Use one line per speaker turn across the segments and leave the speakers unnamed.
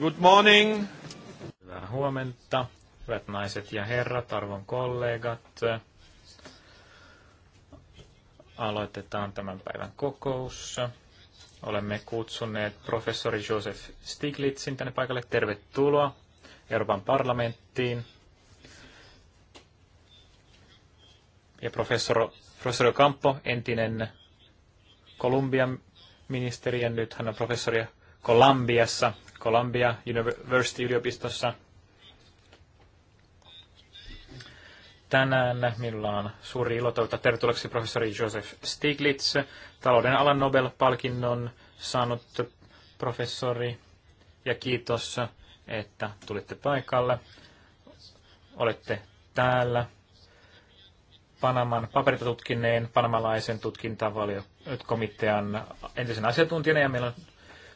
Good
morning.
Hyvää huomenta, hyvät naiset ja herrat, arvon kollegat. Aloitetaan tämän päivän kokous. Olemme kutsuneet professori Joseph Stiglitzin tänne paikalle. Tervetuloa Euroopan parlamenttiin. Ja professori, professori Campo, entinen Kolumbian ministeri, ja nyt hän on professori Kolumbiassa Columbia University-yliopistossa. Tänään minulla on suuri ilo toivottaa tervetulleeksi professori Joseph Stiglitz, talouden alan Nobel-palkinnon saanut professori. Ja kiitos, että tulitte paikalle. Olette täällä Panaman paperita tutkineen panamalaisen tutkintavaliokomitean entisen asiantuntijana ja meillä on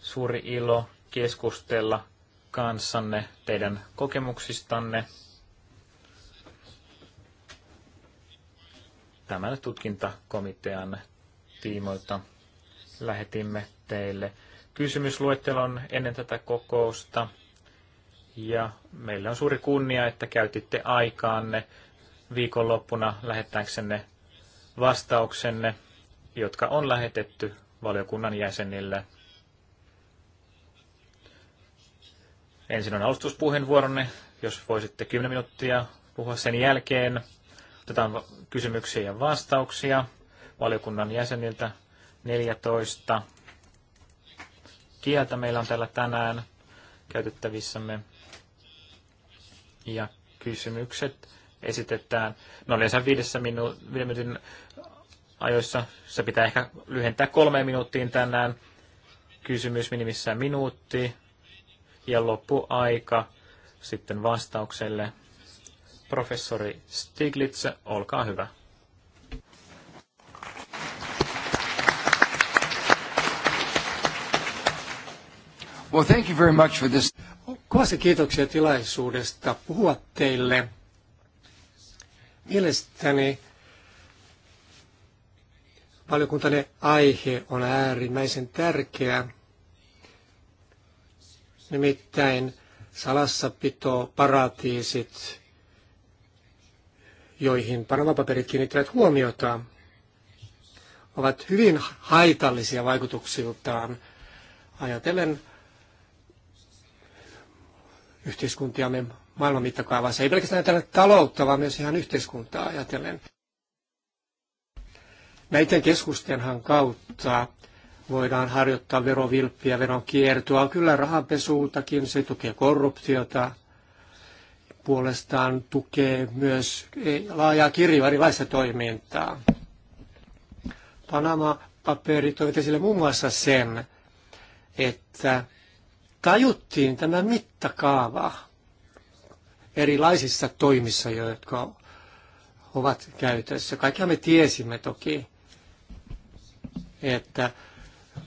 suuri ilo keskustella kanssanne teidän kokemuksistanne tämän tutkintakomitean tiimoilta. Lähetimme teille kysymysluettelon ennen tätä kokousta. Ja meillä on suuri kunnia, että käytitte aikaanne viikonloppuna lähettääksenne vastauksenne, jotka on lähetetty valiokunnan jäsenille. Ensin on alustuspuheenvuoronne, jos voisitte 10 minuuttia puhua sen jälkeen. Otetaan kysymyksiä ja vastauksia valiokunnan jäseniltä 14 kieltä meillä on täällä tänään käytettävissämme. Ja kysymykset esitetään no yleensä viidessä minu- viiden minuutin ajoissa. Se pitää ehkä lyhentää kolmeen minuuttiin tänään. Kysymys minimissään minuutti ja aika sitten vastaukselle. Professori Stiglitz, olkaa hyvä.
Well, thank you very much for this.
Kovasti kiitoksia tilaisuudesta puhua teille. Mielestäni valiokuntainen aihe on äärimmäisen tärkeä nimittäin salassapito, paratiisit, joihin panamapaperit kiinnittävät huomiota, ovat hyvin haitallisia vaikutuksiltaan ajatellen yhteiskuntiamme maailman mittakaavassa. Ei pelkästään ajatellen taloutta, vaan myös ihan yhteiskuntaa ajatellen. Näiden keskustenhan kautta voidaan harjoittaa verovilppiä, veron kiertoa. Kyllä rahanpesuutakin, se tukee korruptiota, puolestaan tukee myös laajaa kirjoa erilaista toimintaa. Panama-paperit toi esille muun muassa sen, että tajuttiin tämä mittakaava erilaisissa toimissa, jotka ovat käytössä. Kaikkihan me tiesimme toki, että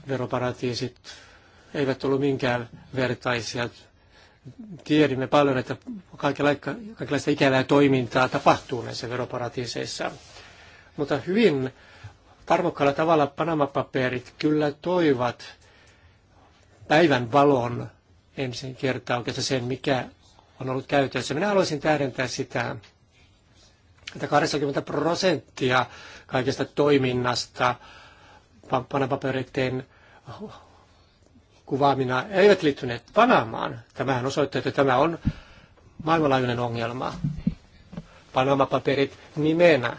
veroparatiisit eivät ollut minkään vertaisia. Tiedimme paljon, että kaikenlaista ikävää toimintaa tapahtuu näissä veroparatiiseissa. Mutta hyvin tarmokkaalla tavalla Panama-paperit kyllä toivat päivän valon ensin kertaa oikeastaan sen, mikä on ollut käytössä. Minä haluaisin tähdentää sitä, että 80 prosenttia kaikesta toiminnasta panapapereiden kuvaamina eivät liittyneet Panamaan. Tämähän osoittaa, että tämä on maailmanlaajuinen ongelma. Panama-paperit nimenä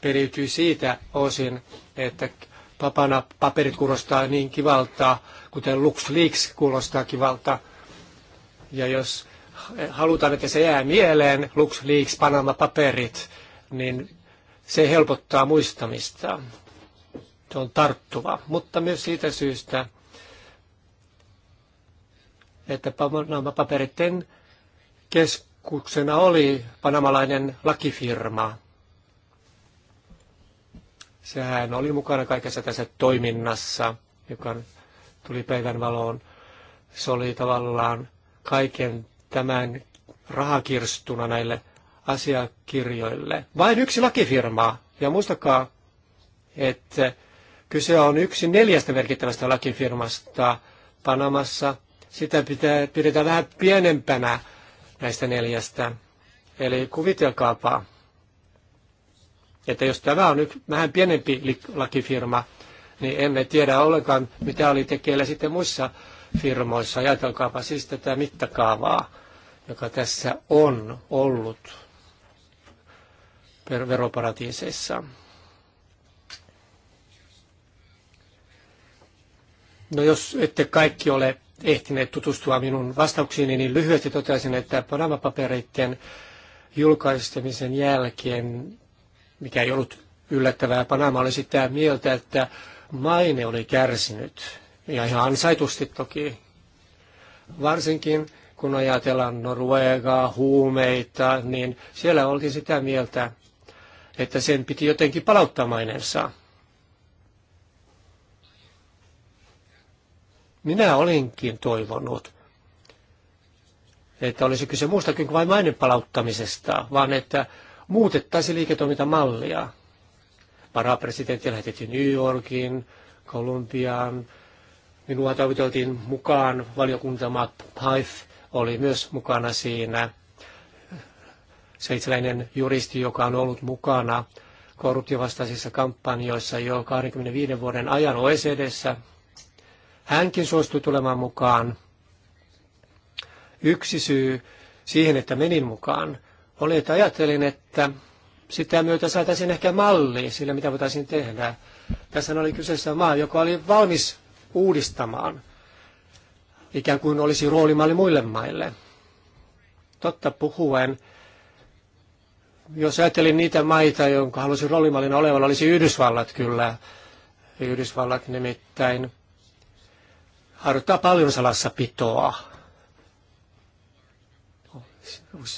periytyy siitä osin, että papana paperit kuulostaa niin kivalta, kuten LuxLeaks kuulostaa kivalta. Ja jos halutaan, että se jää mieleen, LuxLeaks, Panama-paperit, niin se helpottaa muistamista se on tarttuva, mutta myös siitä syystä, että Panama-paperitten keskuksena oli panamalainen lakifirma. Sehän oli mukana kaikessa tässä toiminnassa, joka tuli päivän valoon. Se oli tavallaan kaiken tämän rahakirstuna näille asiakirjoille. Vain yksi lakifirma. Ja muistakaa, että Kyse on yksi neljästä merkittävästä lakifirmasta Panamassa. Sitä pitää, pidetään vähän pienempänä näistä neljästä. Eli kuvitelkaapa, että jos tämä on yksi vähän pienempi lakifirma, niin emme tiedä ollenkaan, mitä oli tekeillä sitten muissa firmoissa. Ajatelkaapa siis tätä mittakaavaa, joka tässä on ollut veroparatiiseissa. No jos ette kaikki ole ehtineet tutustua minun vastauksiini, niin lyhyesti totesin, että Panama-papereiden julkaistamisen jälkeen, mikä ei ollut yllättävää, Panama oli sitä mieltä, että maine oli kärsinyt. Ja ihan ansaitusti toki. Varsinkin kun ajatellaan Norvegaa, huumeita, niin siellä oltiin sitä mieltä, että sen piti jotenkin palauttaa mainensa. Minä olinkin toivonut, että olisi kyse muustakin kuin vain mainen palauttamisesta, vaan että muutettaisiin liiketoimintamallia. Varapresidentti lähetettiin New Yorkiin, Kolumbiaan, minua toivoteltiin mukaan, valiokunta Mark Pife oli myös mukana siinä, sveitsiläinen juristi, joka on ollut mukana korruptiovastaisissa kampanjoissa jo 25 vuoden ajan OECDssä, hänkin suostui tulemaan mukaan. Yksi syy siihen, että menin mukaan, oli, että ajattelin, että sitä myötä saataisiin ehkä malli sillä, mitä voitaisiin tehdä. Tässä oli kyseessä maa, joka oli valmis uudistamaan, ikään kuin olisi roolimalli muille maille. Totta puhuen, jos ajattelin niitä maita, jonka halusin roolimallina olevan, olisi Yhdysvallat kyllä. Yhdysvallat nimittäin harjoittaa paljon salassapitoa.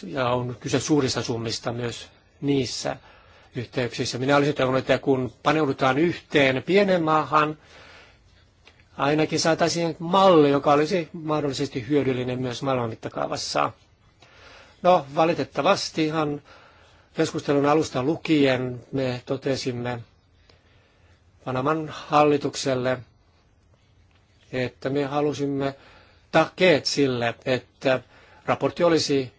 Ja on kyse suurista summista myös niissä yhteyksissä. Minä olisin toivonut, että kun paneudutaan yhteen pienen maahan, ainakin saataisiin malli, joka olisi mahdollisesti hyödyllinen myös maailman mittakaavassa. No, valitettavastihan keskustelun alusta lukien me totesimme Panaman hallitukselle, että me halusimme takeet sille, että raportti olisi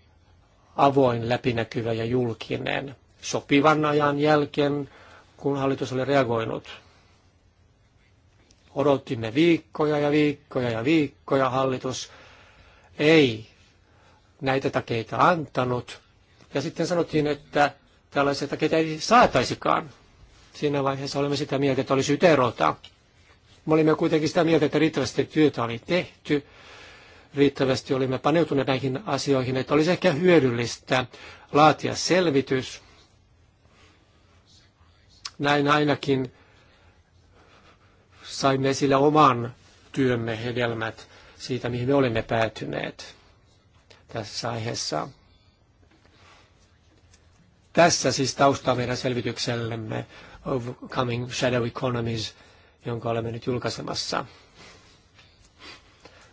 avoin, läpinäkyvä ja julkinen sopivan ajan jälkeen, kun hallitus oli reagoinut. Odotimme viikkoja ja viikkoja ja viikkoja. Hallitus ei näitä takeita antanut. Ja sitten sanottiin, että tällaisia takeita ei saataisikaan. Siinä vaiheessa olemme sitä mieltä, että olisi yterota me olimme kuitenkin sitä mieltä, että riittävästi työtä oli tehty, riittävästi olimme paneutuneet näihin asioihin, että olisi ehkä hyödyllistä laatia selvitys. Näin ainakin saimme esille oman työmme hedelmät siitä, mihin me olemme päätyneet tässä aiheessa. Tässä siis taustaa meidän selvityksellemme Coming Shadow Economies – jonka olemme nyt julkaisemassa.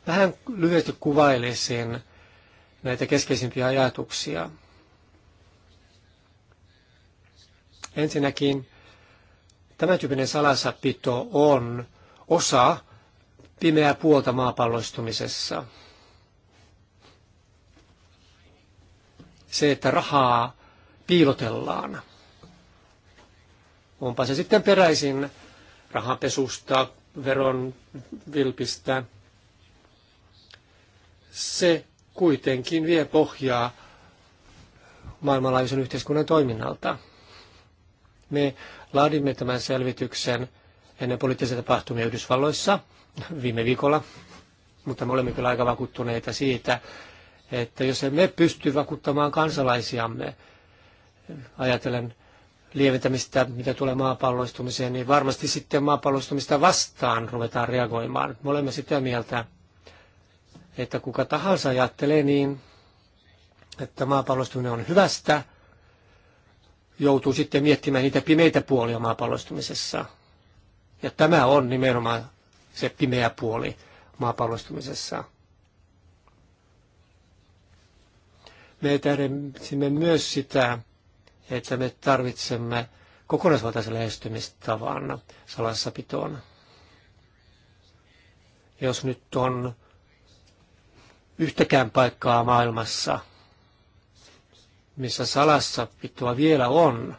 Vähän lyhyesti kuvailisin näitä keskeisimpiä ajatuksia. Ensinnäkin tämän tyyppinen salasapito on osa pimeää puolta maapalloistumisessa. Se, että rahaa piilotellaan. Onpa se sitten peräisin rahanpesusta, veron vilpistä. Se kuitenkin vie pohjaa maailmanlaajuisen yhteiskunnan toiminnalta. Me laadimme tämän selvityksen ennen poliittisia tapahtumia Yhdysvalloissa viime viikolla, mutta me olemme kyllä aika vakuuttuneita siitä, että jos emme pysty vakuuttamaan kansalaisiamme, ajatellen lieventämistä, mitä tulee maapalloistumiseen, niin varmasti sitten maapalloistumista vastaan ruvetaan reagoimaan. Me olemme sitä mieltä, että kuka tahansa ajattelee niin, että maapalloistuminen on hyvästä, joutuu sitten miettimään niitä pimeitä puolia maapalloistumisessa. Ja tämä on nimenomaan se pimeä puoli maapalloistumisessa. Me tarvitsemme myös sitä, että me tarvitsemme kokonaisvaltaisen lähestymistavan salassapitoon. Jos nyt on yhtäkään paikkaa maailmassa, missä salassapitoa vielä on,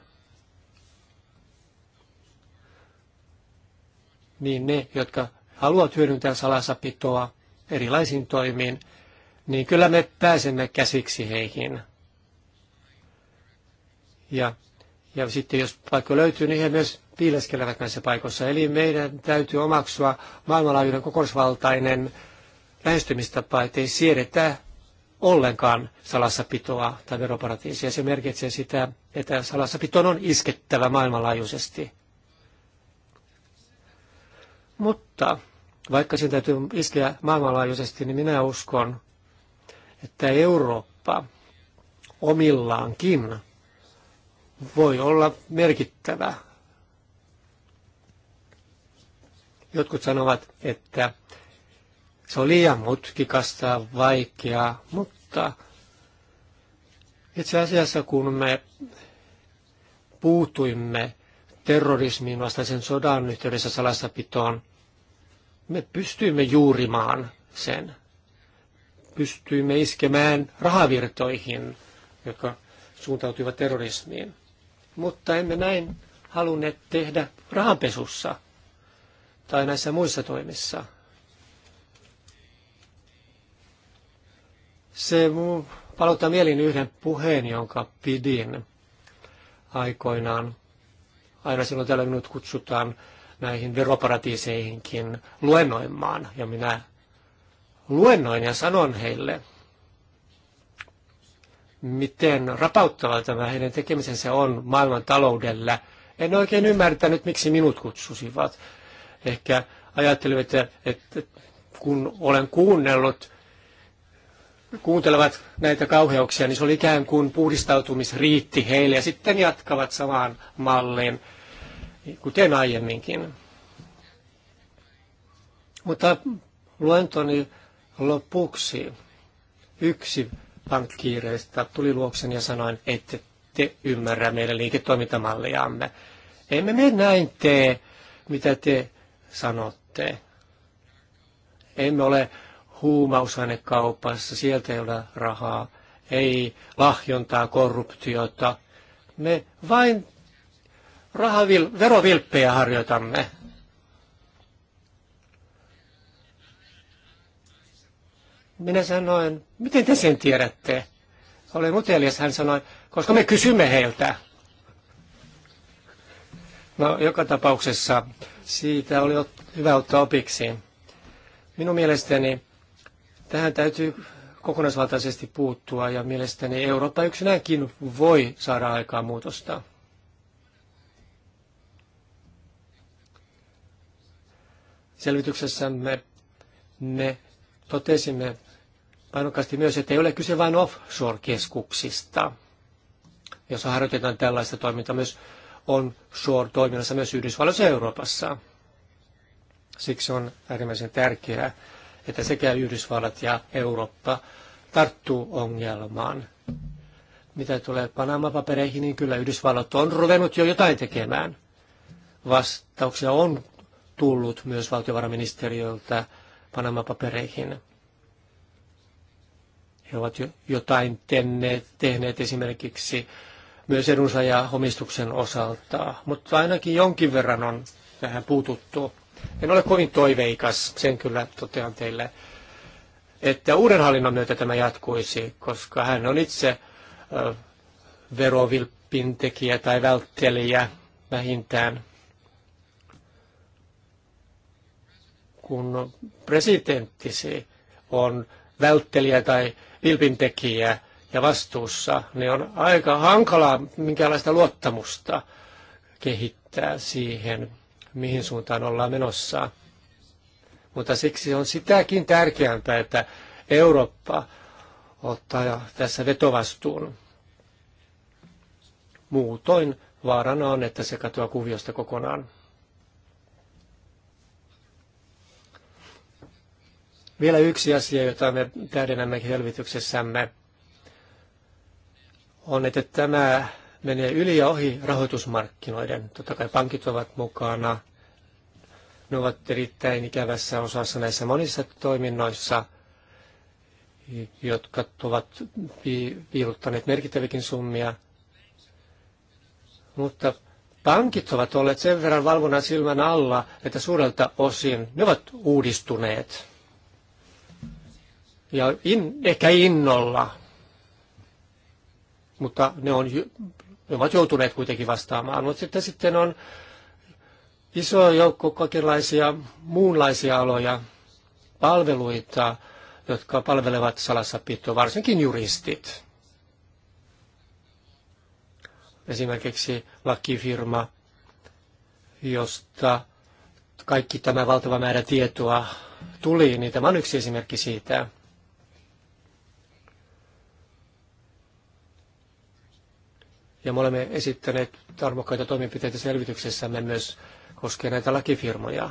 niin ne, jotka haluavat hyödyntää salassapitoa erilaisiin toimiin, niin kyllä me pääsemme käsiksi heihin. Ja, ja sitten jos paikka löytyy, niin he myös piileskelevät näissä paikoissa. Eli meidän täytyy omaksua maailmanlaajuinen kokonaisvaltainen lähestymistapa, ettei siedetä ollenkaan salassapitoa tai veroparatiisia. Se merkitsee sitä, että salassapitoon on iskettävä maailmanlaajuisesti. Mutta vaikka sen täytyy iskeä maailmanlaajuisesti, niin minä uskon, että Eurooppa omillaankin voi olla merkittävä. Jotkut sanovat, että se on liian mutkikasta, vaikeaa, mutta itse asiassa kun me puutuimme terrorismin vastaisen sodan yhteydessä salassapitoon, me pystyimme juurimaan sen. Pystyimme iskemään rahavirtoihin, jotka suuntautuivat terrorismiin mutta emme näin halunneet tehdä rahanpesussa tai näissä muissa toimissa. Se muu palauttaa mielin yhden puheen, jonka pidin aikoinaan. Aina silloin täällä minut kutsutaan näihin veroparatiiseihinkin luennoimaan, ja minä luennoin ja sanon heille, miten rapauttava tämä heidän tekemisensä on maailman taloudelle. En oikein ymmärtänyt, miksi minut kutsusivat. Ehkä ajattelivat, että, että kun olen kuunnellut, kuuntelevat näitä kauheuksia, niin se oli ikään kuin puhdistautumisriitti heille ja sitten jatkavat samaan malliin, kuten aiemminkin. Mutta luentoni lopuksi yksi pankkiireistä tuli luoksen ja sanoin, että te ymmärrä meidän liiketoimintamalliamme. Emme me näin tee, mitä te sanotte. Emme ole huumausainekaupassa, sieltä ei ole rahaa, ei lahjontaa, korruptiota. Me vain rahavil- verovilppejä harjoitamme. Minä sanoin, miten te sen tiedätte? Olen utelias, hän sanoi, koska me kysymme heiltä. No, joka tapauksessa siitä oli hyvä ottaa opiksi. Minun mielestäni tähän täytyy kokonaisvaltaisesti puuttua ja mielestäni Eurooppa yksinäänkin voi saada aikaa muutosta. Selvityksessämme me totesimme, painokkaasti myös, että ei ole kyse vain offshore-keskuksista, jossa harjoitetaan tällaista toimintaa myös on shore-toiminnassa myös Yhdysvalloissa ja Euroopassa. Siksi on äärimmäisen tärkeää, että sekä Yhdysvallat ja Eurooppa tarttuu ongelmaan. Mitä tulee Panama-papereihin, niin kyllä Yhdysvallat on ruvennut jo jotain tekemään. Vastauksia on tullut myös valtiovarainministeriöltä Panama-papereihin. He ovat jo jotain tenneet, tehneet esimerkiksi myös edunsaajaomistuksen osalta, mutta ainakin jonkin verran on tähän puututtu. En ole kovin toiveikas, sen kyllä totean teille, että uuden hallinnon myötä tämä jatkuisi, koska hän on itse verovilppin tai välttelijä vähintään. Kun presidenttisi on välttelijä tai vilpintekijä ja vastuussa, niin on aika hankalaa minkälaista luottamusta kehittää siihen, mihin suuntaan ollaan menossa. Mutta siksi on sitäkin tärkeämpää, että Eurooppa ottaa tässä vetovastuun. Muutoin vaarana on, että se katoaa kuviosta kokonaan. Vielä yksi asia, jota me täydennämme helvityksessämme, on, että tämä menee yli ja ohi rahoitusmarkkinoiden. Totta kai pankit ovat mukana. Ne ovat erittäin ikävässä osassa näissä monissa toiminnoissa, jotka ovat piiluttaneet merkittävikin summia. Mutta pankit ovat olleet sen verran valvonnan silmän alla, että suurelta osin ne ovat uudistuneet ja in, ehkä innolla, mutta ne, on, ne ovat joutuneet kuitenkin vastaamaan. Mutta sitten, sitten on iso joukko kaikenlaisia muunlaisia aloja, palveluita, jotka palvelevat salassapitoa, varsinkin juristit. Esimerkiksi lakifirma, josta kaikki tämä valtava määrä tietoa tuli, niin tämä on yksi esimerkki siitä – Ja me olemme esittäneet tarmokkaita toimenpiteitä selvityksessämme myös koskien näitä lakifirmoja.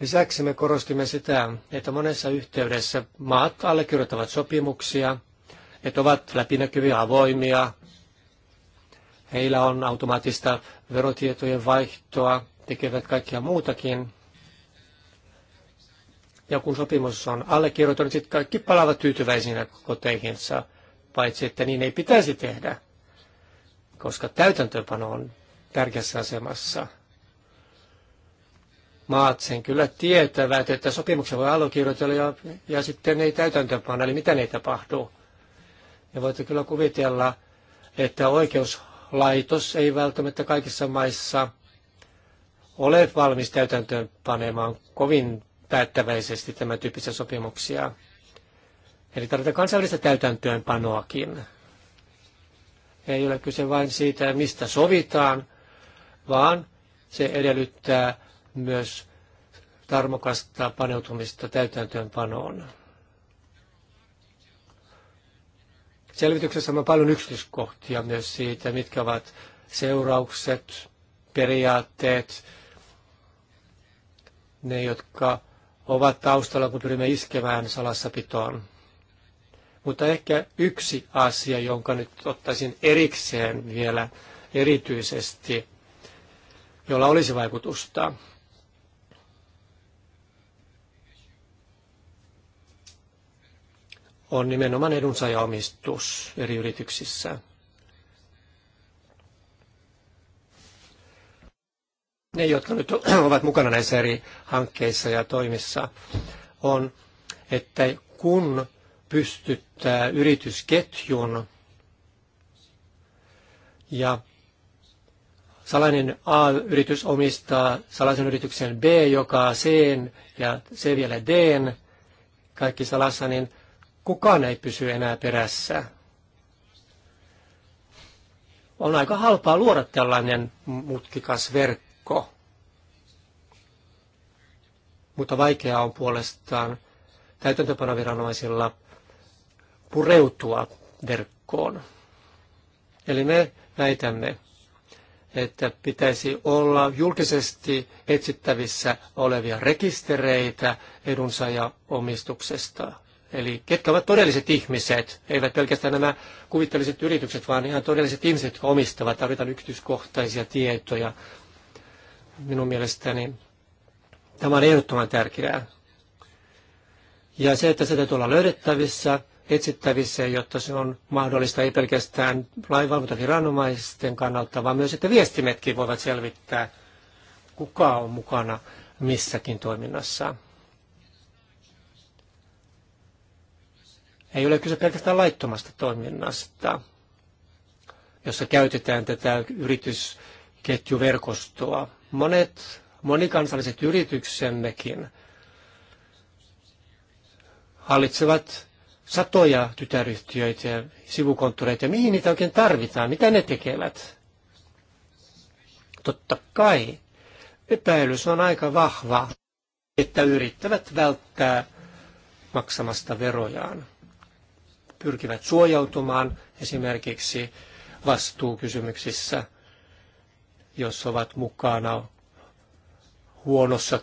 Lisäksi me korostimme sitä, että monessa yhteydessä maat allekirjoittavat sopimuksia, että ovat läpinäkyviä, avoimia. Heillä on automaattista verotietojen vaihtoa, tekevät kaikkia muutakin. Ja kun sopimus on allekirjoitettu, niin sitten kaikki palaavat tyytyväisinä koteihinsa – paitsi että niin ei pitäisi tehdä, koska täytäntöpano on tärkeässä asemassa. Maat sen kyllä tietävät, että sopimuksen voi allokirjoitella ja, ja sitten ei täytäntöpano, eli mitä ei tapahtuu, Ja voitte kyllä kuvitella, että oikeuslaitos ei välttämättä kaikissa maissa ole valmis täytäntöön panemaan kovin päättäväisesti tämän tyyppisiä sopimuksia. Eli tarvitaan kansainvälistä täytäntöönpanoakin. Ei ole kyse vain siitä, mistä sovitaan, vaan se edellyttää myös tarmokasta paneutumista täytäntöönpanoon. Selvityksessä on paljon yksityiskohtia myös siitä, mitkä ovat seuraukset, periaatteet, ne, jotka ovat taustalla, kun pyrimme iskevään salassapitoon. Mutta ehkä yksi asia, jonka nyt ottaisin erikseen vielä erityisesti, jolla olisi vaikutusta. on nimenomaan edunsaajaomistus eri yrityksissä. Ne, jotka nyt ovat mukana näissä eri hankkeissa ja toimissa, on, että kun pystyttää yritysketjun ja salainen A-yritys omistaa salaisen yrityksen B, joka C ja C vielä D, kaikki salassa, niin kukaan ei pysy enää perässä. On aika halpaa luoda tällainen mutkikas verkko. Mutta vaikeaa on puolestaan täytäntöpanoviranomaisilla pureutua verkkoon. Eli me väitämme, että pitäisi olla julkisesti etsittävissä olevia rekistereitä edunsaajaomistuksesta. Eli ketkä ovat todelliset ihmiset, eivät pelkästään nämä kuvitteelliset yritykset, vaan ihan todelliset ihmiset, jotka omistavat, tarvitaan yksityiskohtaisia tietoja. Minun mielestäni tämä on ehdottoman tärkeää. Ja se, että se täytyy olla löydettävissä, etsittävissä, jotta se on mahdollista ei pelkästään lainvalvontaviranomaisten kannalta, vaan myös, että viestimetkin voivat selvittää, kuka on mukana missäkin toiminnassa. Ei ole kyse pelkästään laittomasta toiminnasta, jossa käytetään tätä yritysketjuverkostoa. Monet monikansalliset yrityksemmekin hallitsevat satoja tytäryhtiöitä ja sivukonttoreita, ja mihin niitä oikein tarvitaan, mitä ne tekevät. Totta kai epäilys on aika vahva, että yrittävät välttää maksamasta verojaan. Pyrkivät suojautumaan esimerkiksi vastuukysymyksissä, jos ovat mukana huonossa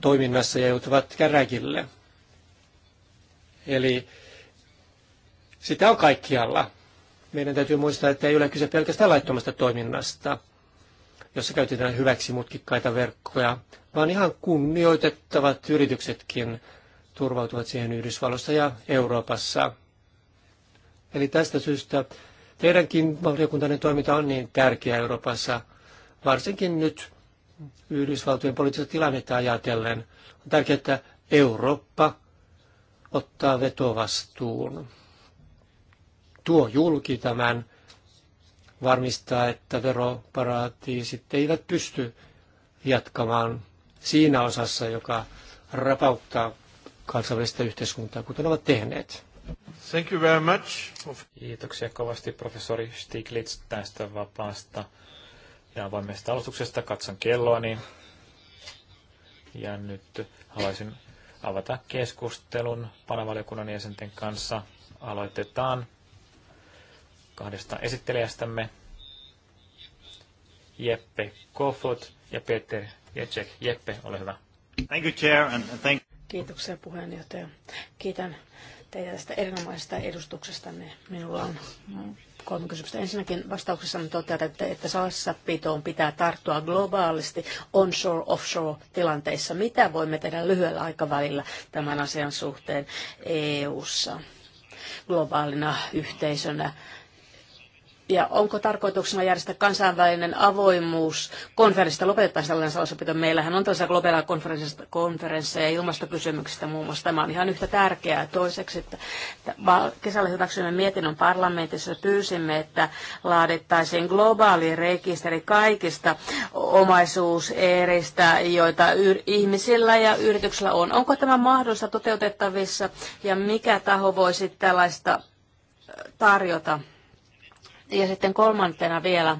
toiminnassa ja joutuvat käräkille. Eli sitä on kaikkialla. Meidän täytyy muistaa, että ei ole kyse pelkästään laittomasta toiminnasta, jossa käytetään hyväksi mutkikkaita verkkoja, vaan ihan kunnioitettavat yrityksetkin turvautuvat siihen Yhdysvalloissa ja Euroopassa. Eli tästä syystä teidänkin valiokuntainen toiminta on niin tärkeä Euroopassa, varsinkin nyt Yhdysvaltojen poliittista tilannetta ajatellen. On tärkeää, että Eurooppa ottaa vetovastuun tuo julki tämän, varmistaa, että veroparatiisit eivät pysty jatkamaan siinä osassa, joka rapauttaa kansainvälistä yhteiskuntaa, kuten ovat tehneet.
Thank you very much. Kiitoksia kovasti professori Stiglitz tästä vapaasta ja avoimesta alustuksesta. Katson niin Ja nyt haluaisin avata keskustelun panavaliokunnan jäsenten kanssa. Aloitetaan kahdesta esittelijästämme, Jeppe Kofot ja Peter Jecek. Jeppe, ole hyvä. Thank you, Chair, and thank...
Kiitoksia puheenjohtaja. Kiitän teitä tästä erinomaisesta edustuksesta. Minulla on kolme kysymystä. Ensinnäkin vastauksessa toteat, että, että salassapitoon pitää tarttua globaalisti onshore, offshore tilanteissa. Mitä voimme tehdä lyhyellä aikavälillä tämän asian suhteen EU-ssa globaalina yhteisönä? Ja onko tarkoituksena järjestää kansainvälinen avoimuus konferenssista? Lopetetaan tällainen salassapito. Meillähän on tällaisia globaaleja konferensseja ilmastokysymyksistä muun muassa. Tämä on ihan yhtä tärkeää. Toiseksi, että kesällä hyväksymme mietinnön parlamentissa pyysimme, että laadittaisiin globaali rekisteri kaikista omaisuuseristä, joita ihmisillä ja yrityksillä on. Onko tämä mahdollista toteutettavissa ja mikä taho voisi tällaista tarjota? Ja sitten kolmantena vielä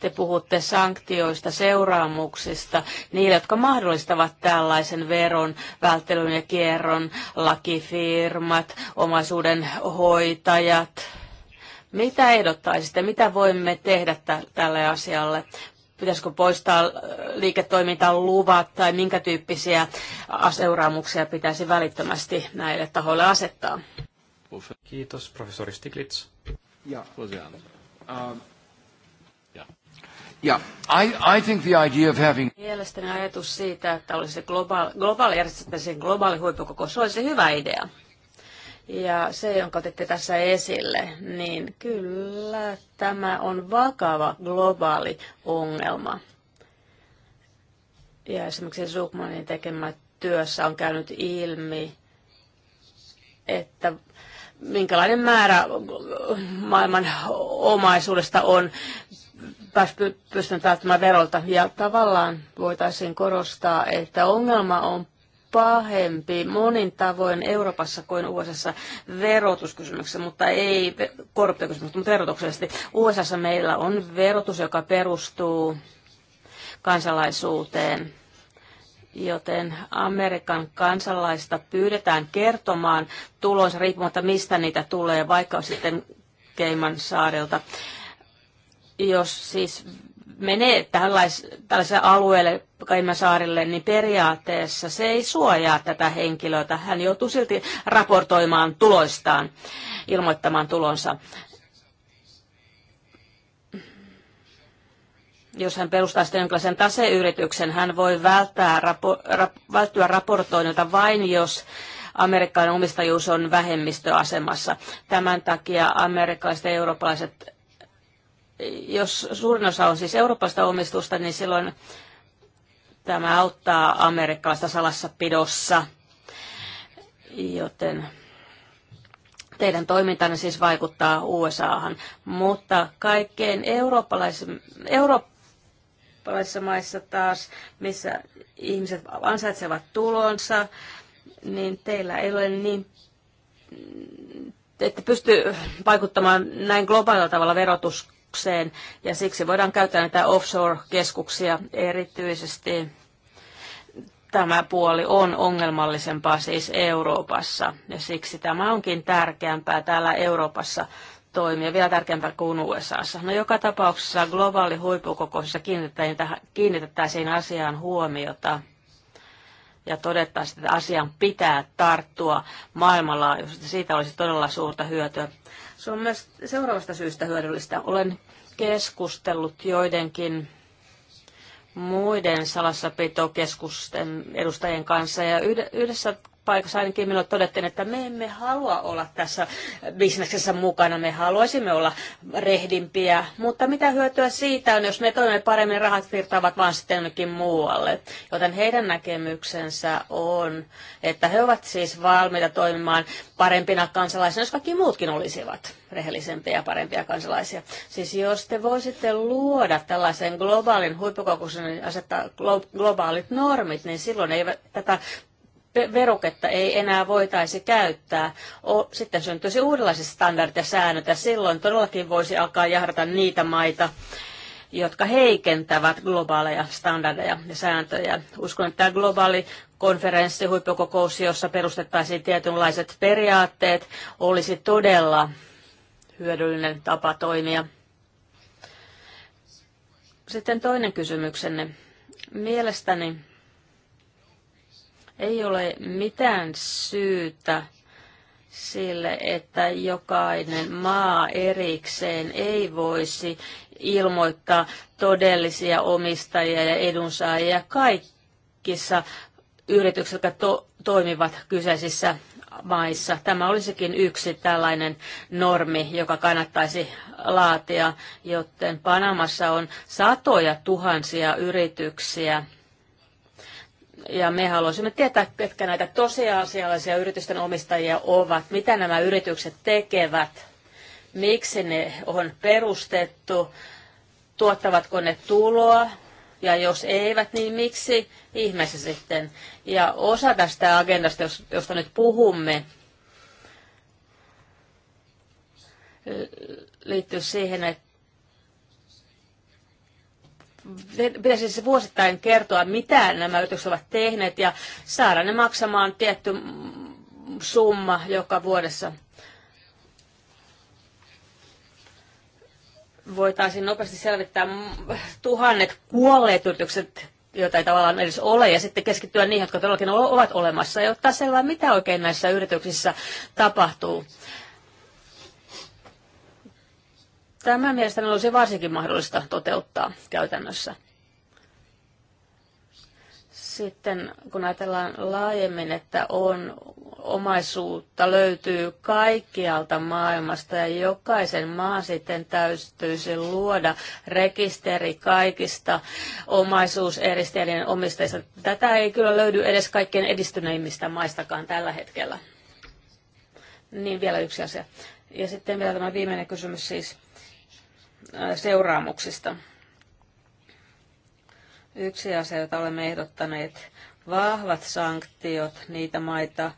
te puhutte sanktioista, seuraamuksista, niille, jotka mahdollistavat tällaisen veron, välttelyn ja kierron, lakifirmat, omaisuuden hoitajat. Mitä ehdottaisitte, mitä voimme tehdä tälle asialle? Pitäisikö poistaa liiketoimintaan luvat tai minkä tyyppisiä seuraamuksia pitäisi välittömästi näille tahoille asettaa?
Kiitos, professori Stiglitz.
Yeah. Was the answer. Um, yeah. Yeah, I, I think the idea of having... Mielestäni ajatus siitä, että olisi se globaali, globaali järjestettäisiin globaali huippukokous, se hyvä idea. Ja se, jonka otitte tässä esille, niin kyllä tämä on vakava globaali ongelma. Ja esimerkiksi Zuckmanin tekemä työssä on käynyt ilmi, että minkälainen määrä maailman omaisuudesta on pystyn välttämään verolta. Ja tavallaan voitaisiin korostaa, että ongelma on pahempi monin tavoin Euroopassa kuin USA verotuskysymyksessä, mutta ei korruptiokysymyksessä, mutta verotuksellisesti. USA meillä on verotus, joka perustuu kansalaisuuteen joten Amerikan kansalaista pyydetään kertomaan tulonsa riippumatta mistä niitä tulee, vaikka sitten Keiman saarelta. Jos siis menee tällais, tällaiselle alueelle, saarille, niin periaatteessa se ei suojaa tätä henkilöä. Hän joutuu silti raportoimaan tuloistaan, ilmoittamaan tulonsa. jos hän perustaa sitten jonkinlaisen taseyrityksen, hän voi välttää rapo, rap, välttyä raportoinnilta vain, jos amerikkalainen omistajuus on vähemmistöasemassa. Tämän takia amerikkalaiset ja eurooppalaiset, jos suurin osa on siis eurooppalaista omistusta, niin silloin tämä auttaa amerikkalaista salassapidossa. Joten teidän toimintanne siis vaikuttaa USAhan, mutta kaikkein eurooppalais, euro, eurooppalaisissa maissa taas, missä ihmiset ansaitsevat tulonsa, niin teillä ei ole niin että pysty vaikuttamaan näin globaalilla tavalla verotukseen, ja siksi voidaan käyttää näitä offshore-keskuksia erityisesti. Tämä puoli on ongelmallisempaa siis Euroopassa, ja siksi tämä onkin tärkeämpää täällä Euroopassa toimia vielä tärkeämpää kuin USAssa. No joka tapauksessa globaali huippukokouksessa kiinnitettäisiin asiaan huomiota ja todettaisiin, että asian pitää tarttua maailmanlaajuisesti. Siitä olisi todella suurta hyötyä. Se on myös seuraavasta syystä hyödyllistä. Olen keskustellut joidenkin muiden salassapitokeskusten edustajien kanssa ja yhdessä paikassa ainakin minulle todettiin, että me emme halua olla tässä bisneksessä mukana, me haluaisimme olla rehdimpiä, mutta mitä hyötyä siitä on, jos me toimimme paremmin, niin rahat virtaavat vaan sitten jonnekin muualle. Joten heidän näkemyksensä on, että he ovat siis valmiita toimimaan parempina kansalaisina, jos kaikki muutkin olisivat rehellisempiä ja parempia kansalaisia. Siis jos te voisitte luoda tällaisen globaalin huippukokouksen, niin asettaa globaalit normit, niin silloin ei tätä veruketta ei enää voitaisi käyttää. Sitten syntyisi uudenlaiset standardit ja säännöt ja silloin todellakin voisi alkaa jahdata niitä maita, jotka heikentävät globaaleja standardeja ja sääntöjä. Uskon, että tämä globaali konferenssi, huippukokous, jossa perustettaisiin tietynlaiset periaatteet, olisi todella hyödyllinen tapa toimia. Sitten toinen kysymyksenne. Mielestäni ei ole mitään syytä sille, että jokainen maa erikseen ei voisi ilmoittaa todellisia omistajia ja edunsaajia kaikissa yrityksissä, jotka to- toimivat kyseisissä maissa. Tämä olisikin yksi tällainen normi, joka kannattaisi laatia, joten Panamassa on satoja tuhansia yrityksiä, ja me haluaisimme tietää, ketkä näitä tosiasiallisia yritysten omistajia ovat, mitä nämä yritykset tekevät, miksi ne on perustettu, tuottavatko ne tuloa, ja jos eivät, niin miksi ihmeessä sitten? Ja osa tästä agendasta, josta nyt puhumme, liittyy siihen, että pitäisi siis vuosittain kertoa, mitä nämä yritykset ovat tehneet ja saada ne maksamaan tietty summa joka vuodessa. Voitaisiin nopeasti selvittää tuhannet kuolleet yritykset, joita ei tavallaan edes ole, ja sitten keskittyä niihin, jotka todellakin ovat olemassa, ja ottaa selvää, mitä oikein näissä yrityksissä tapahtuu. Tämä mielestäni olisi varsinkin mahdollista toteuttaa käytännössä. Sitten kun ajatellaan laajemmin, että on omaisuutta löytyy kaikkialta maailmasta ja jokaisen maan sitten täytyisi luoda rekisteri kaikista omaisuuseristeiden omistajista. Tätä ei kyllä löydy edes kaikkien edistyneimmistä maistakaan tällä hetkellä. Niin vielä yksi asia. Ja sitten vielä tämä viimeinen kysymys siis seuraamuksista. Yksi asia, jota olemme ehdottaneet, vahvat sanktiot niitä maita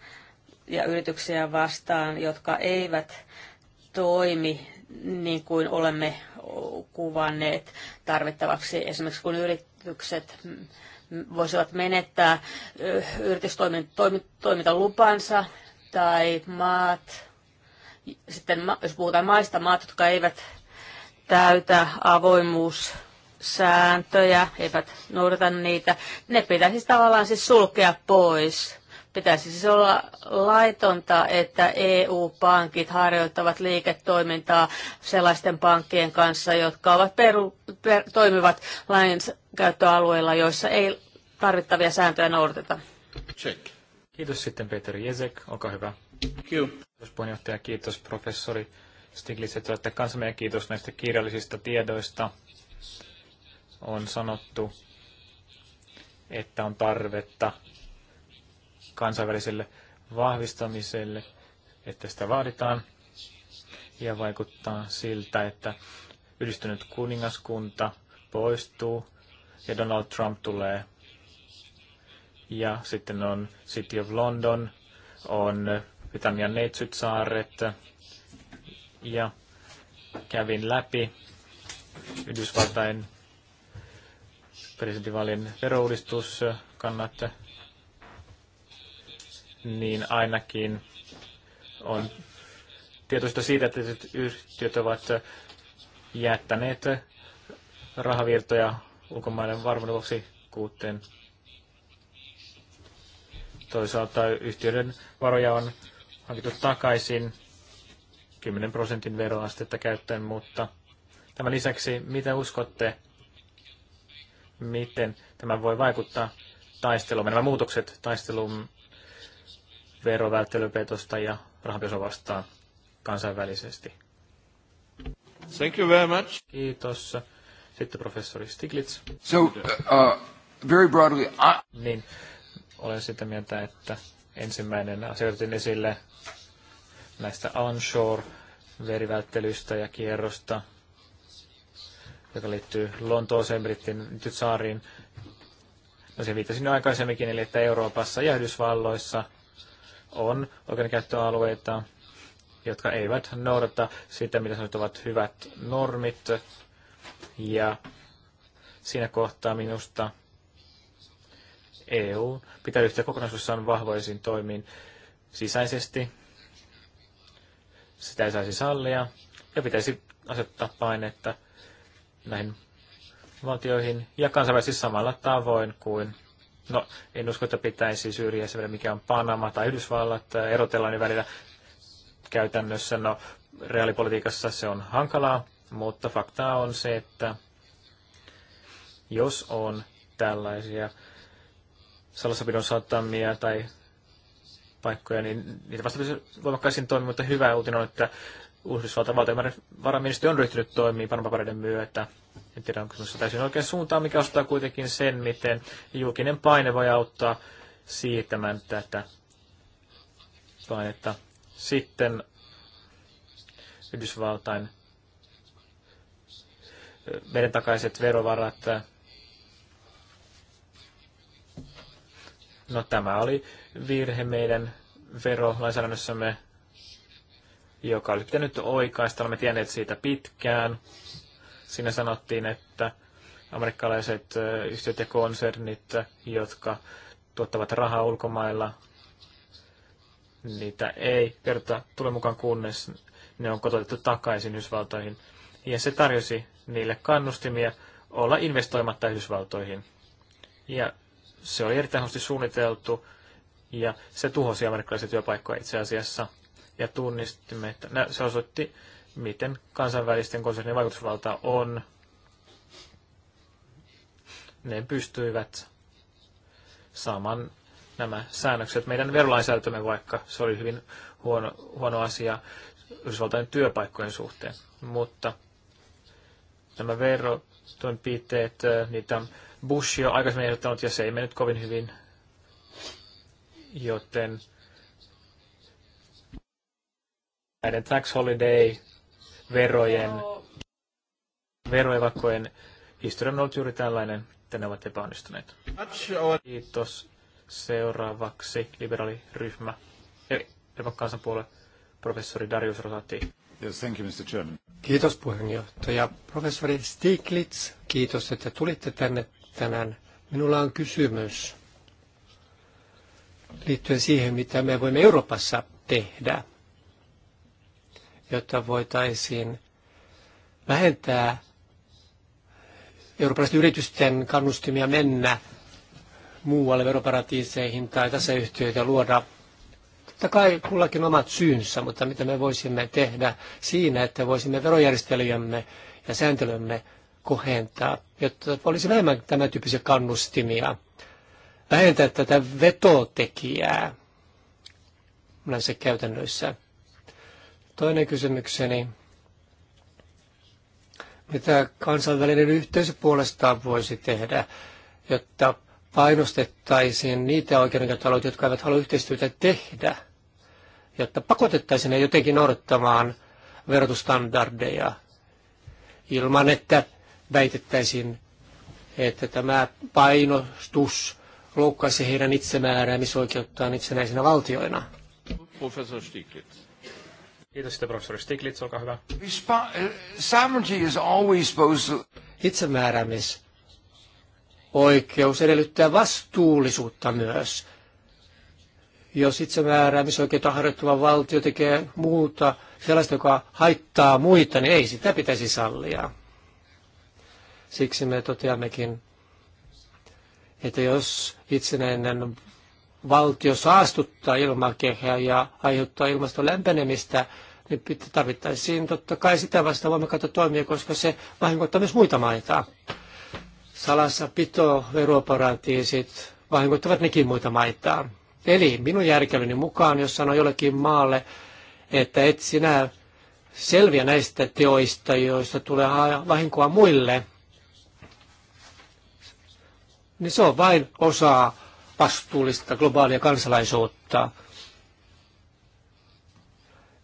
ja yrityksiä vastaan, jotka eivät toimi niin kuin olemme kuvanneet tarvittavaksi. Esimerkiksi kun yritykset voisivat menettää yritystoimintalupansa tai maat, sitten jos puhutaan maista, maat, jotka eivät täytä avoimuus sääntöjä, eivät noudata niitä, ne pitäisi siis tavallaan siis sulkea pois. Pitäisi siis olla laitonta, että EU-pankit harjoittavat liiketoimintaa sellaisten pankkien kanssa, jotka ovat peru, per, toimivat lainkäyttöalueilla, joissa ei tarvittavia sääntöjä noudateta.
Check. Kiitos sitten Peter Jezek, olkaa hyvä. Kiitos. Kiitos puheenjohtaja, kiitos professori Stiglitz, että olette kanssamme kiitos näistä kirjallisista tiedoista. On sanottu, että on tarvetta kansainväliselle vahvistamiselle, että sitä vaaditaan. Ja vaikuttaa siltä, että yhdistynyt kuningaskunta poistuu ja Donald Trump tulee. Ja sitten on City of London, on Britannian Neitsytsaaret, ja kävin läpi Yhdysvaltain presidentinvaalien verouudistuskannat, niin ainakin on tietoista siitä, että yhtiöt ovat jättäneet rahavirtoja ulkomaille varmuuden vuoksi kuuteen. Toisaalta yhtiöiden varoja on hankittu takaisin 10 prosentin veroastetta käyttäen, mutta tämän lisäksi, mitä uskotte, miten tämä voi vaikuttaa taisteluun, nämä muutokset taisteluun verovälttelypetosta ja rahanpesua vastaan kansainvälisesti? Thank you very much. Kiitos. Sitten professori Stiglitz. So, uh, uh very broadly, I... Niin, olen sitä mieltä, että ensimmäinen asia esille näistä onshore-verivälttelystä ja kierrosta, joka liittyy Lontooseen, Brittin saariin. No se viittasin jo aikaisemminkin, eli että Euroopassa ja Yhdysvalloissa on oikeudenkäyttöalueita, jotka eivät noudata sitä, mitä sanot ovat hyvät normit. Ja siinä kohtaa minusta EU pitää yhtä kokonaisuudessaan vahvoisiin toimiin sisäisesti sitä ei saisi sallia ja pitäisi asettaa painetta näihin valtioihin ja kansainvälisesti samalla tavoin kuin, no en usko, että pitäisi syrjässä vielä mikä on Panama tai Yhdysvallat, erotella ne niin välillä käytännössä, no reaalipolitiikassa se on hankalaa, mutta fakta on se, että jos on tällaisia salassapidon saattamia tai paikkoja, niin niitä vasta voimakkaisiin toimii, mutta hyvä uutinen on, että Yhdysvaltain valtiovarainministeri on ryhtynyt toimiin varmapareiden myötä. En tiedä, onko se täysin oikein suuntaan, mikä ostaa kuitenkin sen, miten julkinen paine voi auttaa siirtämään tätä painetta. Sitten Yhdysvaltain meidän takaiset verovarat. No tämä oli virhe meidän verolainsäädännössämme, joka oli pitänyt oikaista. Olemme tienneet siitä pitkään. Siinä sanottiin, että amerikkalaiset yhtiöt ja konsernit, jotka tuottavat rahaa ulkomailla, niitä ei kerta tule mukaan kunnes ne on kotoutettu takaisin Yhdysvaltoihin. Ja se tarjosi niille kannustimia olla investoimatta Yhdysvaltoihin. Ja se oli erittäin suunniteltu ja se tuhosi amerikkalaisia työpaikkoja itse asiassa. Ja tunnistimme, että se osoitti, miten kansainvälisten konsernien vaikutusvalta on. Ne pystyivät saamaan nämä säännökset meidän verolainsäädäntömme, vaikka se oli hyvin huono, huono asia Yhdysvaltain työpaikkojen suhteen. Mutta nämä verotoimenpiteet, äh, niitä Bush jo aikaisemmin ehdottanut, ja se ei mennyt kovin hyvin joten näiden tax holiday verojen veroevakkojen historia on ollut juuri tällainen, että ne ovat epäonnistuneet. Kiitos. Seuraavaksi liberaaliryhmä, e, Euroopan kansanpuolue, professori Darius Rosati.
Yes, thank you, Mr. Chairman. Kiitos puheenjohtaja. Professori Stiglitz, kiitos, että tulitte tänne tänään. Minulla on kysymys liittyen siihen, mitä me voimme Euroopassa tehdä, jotta voitaisiin vähentää eurooppalaisten yritysten kannustimia mennä muualle veroparatiiseihin tai tässä yhtiöitä luoda. Totta kai kullakin omat syynsä, mutta mitä me voisimme tehdä siinä, että voisimme verojärjestelijämme ja sääntelymme kohentaa, jotta olisi vähemmän tämän tyyppisiä kannustimia – vähentää tätä vetotekijää näissä käytännöissä. Toinen kysymykseni, mitä kansainvälinen yhteisö puolestaan voisi tehdä, jotta painostettaisiin niitä oikeudenkäyttöalueita, jotka eivät halua yhteistyötä tehdä, jotta pakotettaisiin ne jotenkin noudattamaan verotustandardeja ilman, että väitettäisiin, että tämä painostus loukkaisi heidän itsemääräämisoikeuttaan itsenäisinä valtioina.
Professor Stiglitz. Kiitos sitten professori Stiglitz, olkaa hyvä.
Eh, sovereignty Itsemääräämis oikeus edellyttää vastuullisuutta myös. Jos itsemääräämisoikeutta harjoittava valtio tekee muuta, sellaista, joka haittaa muita, niin ei sitä pitäisi sallia. Siksi me toteammekin, että jos itsenäinen valtio saastuttaa ilmakehää ja aiheuttaa ilmaston lämpenemistä, niin tarvittaisiin totta kai sitä vasta voimakkaita toimia, koska se vahingoittaa myös muita maita. pito, veroparantiisit vahingoittavat nekin muita maita. Eli minun järkelyni mukaan, jos sanoo jollekin maalle, että et sinä selviä näistä teoista, joista tulee vahinkoa muille, niin se on vain osa vastuullista globaalia kansalaisuutta.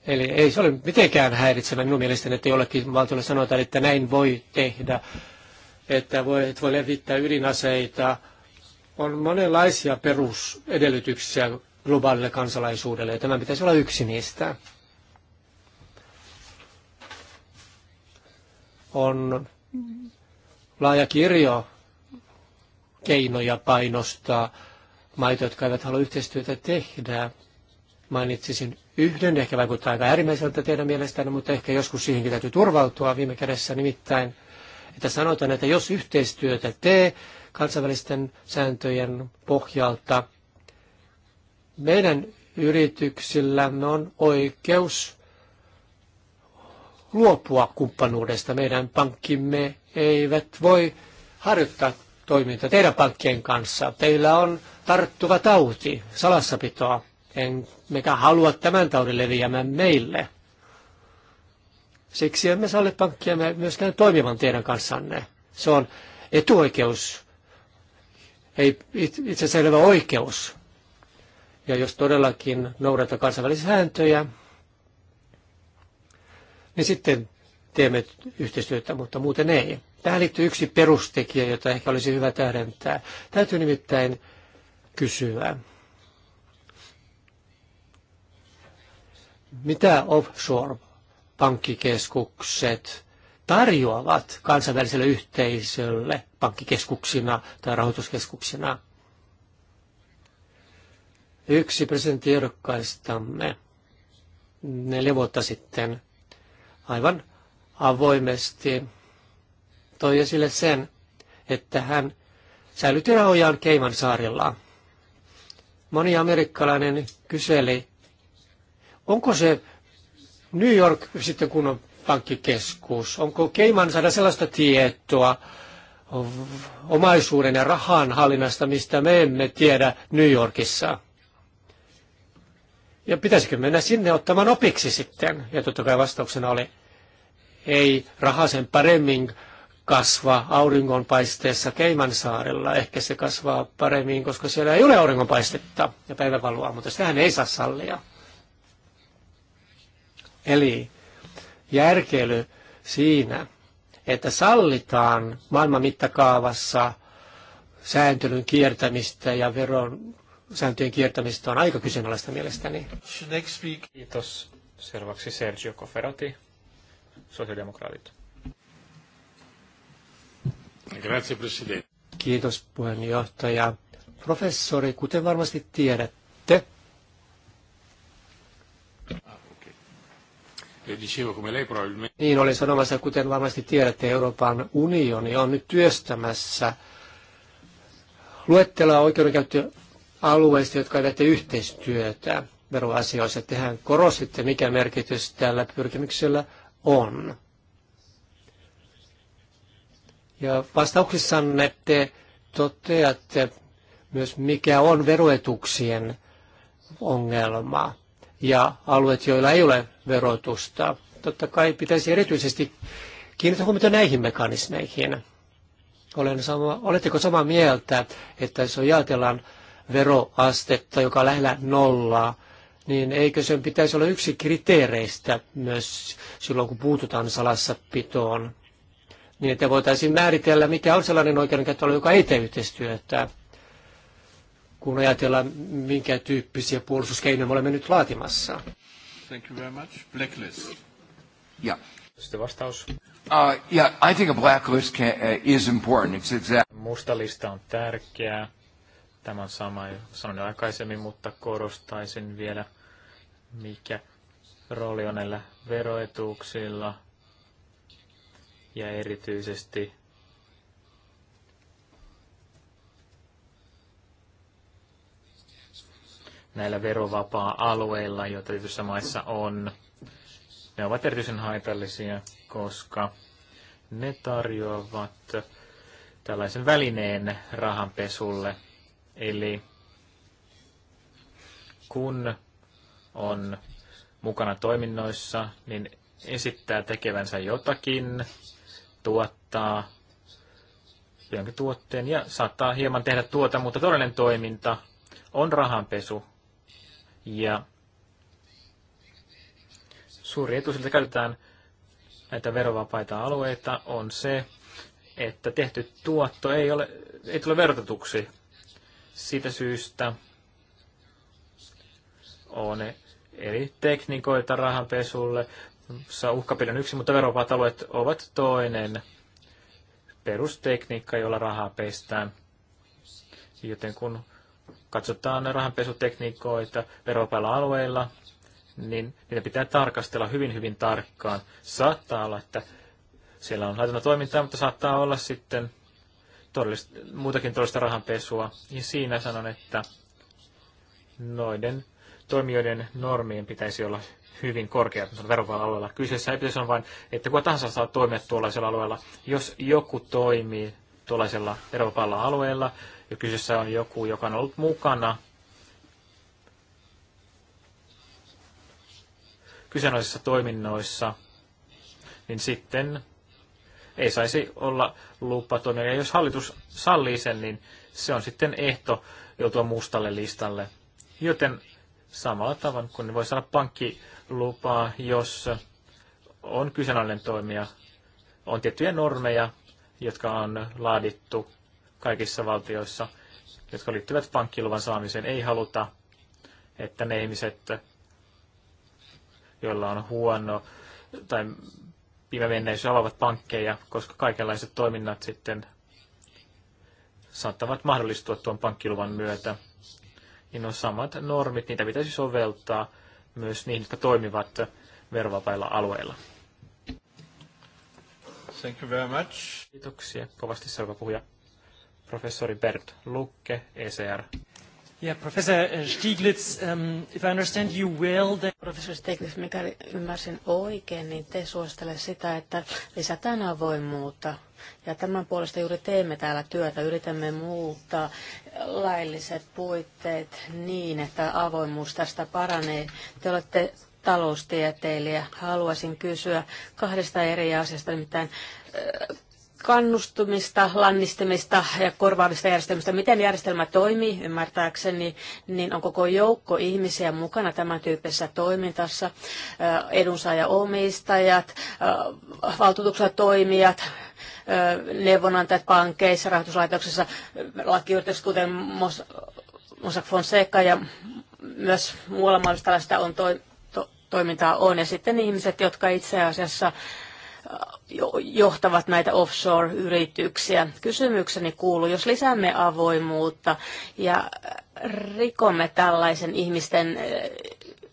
Eli ei se ole mitenkään häiritsevä minun mielestäni, että jollekin valtiolle sanotaan, että näin voi tehdä, että voi, että voi levittää ydinaseita. On monenlaisia perusedellytyksiä globaalille kansalaisuudelle, ja tämä pitäisi olla yksi niistä. On laaja kirjo keinoja painostaa maita, jotka eivät halua yhteistyötä tehdä. Mainitsisin yhden, ehkä vaikuttaa aika äärimmäiseltä teidän mielestänne, mutta ehkä joskus siihenkin täytyy turvautua viime kädessä nimittäin, että sanotaan, että jos yhteistyötä tee kansainvälisten sääntöjen pohjalta, meidän yrityksillämme on oikeus luopua kumppanuudesta. Meidän pankkimme eivät voi harjoittaa toiminta teidän pankkien kanssa. Teillä on tarttuva tauti, salassapitoa. En mekä halua tämän taudin leviämään meille. Siksi emme salli pankkia myöskään toimivan teidän kanssanne. Se on etuoikeus, ei itse selvä oikeus. Ja jos todellakin noudata kansainvälisiä sääntöjä, niin sitten teemme yhteistyötä, mutta muuten ei. Tähän liittyy yksi perustekijä, jota ehkä olisi hyvä tähdentää. Täytyy nimittäin kysyä, mitä offshore-pankkikeskukset tarjoavat kansainväliselle yhteisölle pankkikeskuksina tai rahoituskeskuksina. Yksi presidentti ehdokkaistamme neljä vuotta sitten aivan avoimesti toi esille sen, että hän säilytti rahojaan Keiman saarilla. Moni amerikkalainen kyseli, onko se New York sitten kunnon pankkikeskus, onko Keiman saada sellaista tietoa omaisuuden ja rahan hallinnasta, mistä me emme tiedä New Yorkissa. Ja pitäisikö mennä sinne ottamaan opiksi sitten? Ja totta kai vastauksena oli, ei raha sen paremmin kasva auringonpaisteessa Keimansaarella. Ehkä se kasvaa paremmin, koska siellä ei ole auringonpaistetta ja päivävaloa, mutta sehän ei saa sallia. Eli järkely siinä, että sallitaan maailman mittakaavassa sääntelyn kiertämistä ja veron sääntöjen kiertämistä on aika kyseenalaista mielestäni.
Next week. Kiitos. Seuraavaksi Sergio Coferati, sosiaalidemokraatit.
Grazie, presidente. Kiitos puheenjohtaja. Professori, kuten varmasti tiedätte, ah, e Niin olin sanomassa, kuten varmasti tiedätte, Euroopan unioni on nyt työstämässä luettelaa oikeudenkäyttöalueista, jotka eivät tee yhteistyötä veroasioissa. Tehän korostitte, mikä merkitys tällä pyrkimyksellä on. Ja vastauksissanne te toteatte myös, mikä on veroetuksien ongelma ja alueet, joilla ei ole verotusta. Totta kai pitäisi erityisesti kiinnittää huomiota näihin mekanismeihin. Olen sama, oletteko samaa mieltä, että jos ajatellaan veroastetta, joka on lähellä nollaa, niin eikö sen pitäisi olla yksi kriteereistä myös silloin, kun puututaan salassapitoon? niin että voitaisiin määritellä, mikä on sellainen oikeudenkäyttö, joka ei tee yhteistyötä, kun ajatellaan, minkä tyyppisiä puolustuskeinoja me olemme nyt laatimassa.
Thank you very much. Blacklist. Yeah. Sitten vastaus. Uh, yeah, I think a blacklist
can, uh, is important. It's exact...
Musta lista on tärkeää. Tämä on sama jo sanoin aikaisemmin, mutta korostaisin vielä, mikä rooli on näillä veroetuuksilla – ja erityisesti näillä verovapaa-alueilla, joita tietyissä maissa on. Ne ovat erityisen haitallisia, koska ne tarjoavat tällaisen välineen rahanpesulle. Eli kun on mukana toiminnoissa, niin esittää tekevänsä jotakin, tuottaa jonkin tuotteen ja saattaa hieman tehdä tuota, mutta todellinen toiminta on rahanpesu. Ja suuri etu siltä käytetään näitä verovapaita alueita on se, että tehty tuotto ei, ole, ei tule verotetuksi. Siitä syystä on eri tekniikoita rahanpesulle, uhkapeli on yksi, mutta verovaat alueet ovat toinen perustekniikka, jolla rahaa pestään. Joten kun katsotaan rahanpesutekniikoita verovapailla alueilla, niin niitä pitää tarkastella hyvin, hyvin tarkkaan. Saattaa olla, että siellä on laitonta toimintaa, mutta saattaa olla sitten todellista, muutakin todellista rahanpesua. Ja siinä sanon, että noiden toimijoiden normien pitäisi olla hyvin korkeat verovalla alueella. Kyseessä ei pitäisi olla vain, että kuka tahansa saa toimia tuollaisella alueella. Jos joku toimii tuollaisella verovalla alueella, ja kyseessä on joku, joka on ollut mukana kyseenalaisissa toiminnoissa, niin sitten ei saisi olla lupa toimia. Ja jos hallitus sallii sen, niin se on sitten ehto joutua mustalle listalle. Joten samalla tavalla kuin voi saada pankkilupaa, jos on kyseenalainen toimija. On tiettyjä normeja, jotka on laadittu kaikissa valtioissa, jotka liittyvät pankkiluvan saamiseen. Ei haluta, että ne ihmiset, joilla on huono tai menneisyys avaavat pankkeja, koska kaikenlaiset toiminnat sitten saattavat mahdollistua tuon pankkiluvan myötä niin on samat normit, niitä pitäisi soveltaa myös niihin, jotka toimivat verovapailla alueilla. Thank you very much. Kiitoksia kovasti seuraava puhuja. Professori Bert Lukke, ECR.
Yeah, Professor Stiglitz, um, if I understand you well,
then... Professor Stiglitz, mikäli ymmärsin oikein, niin te suostele sitä, että lisätään avoimuutta. Ja tämän puolesta juuri teemme täällä työtä, yritämme muuttaa lailliset puitteet niin, että avoimuus tästä paranee. Te olette taloustieteilijä. Haluaisin kysyä kahdesta eri asiasta, nimittäin kannustumista, lannistamista ja korvaavista järjestelmistä. Miten järjestelmä toimii, ymmärtääkseni, niin on koko joukko ihmisiä mukana tämän tyyppisessä toimintassa. Edunsaajaomistajat, valtuutuksella toimijat, neuvonantajat pankeissa, rahoituslaitoksissa, lakiyritykset kuten Mossack Fonseca ja myös muualla maailmassa tällaista on toimintaa on. Ja sitten ihmiset, jotka itse asiassa johtavat näitä offshore-yrityksiä. Kysymykseni kuuluu, jos lisäämme avoimuutta ja rikomme tällaisen ihmisten eh,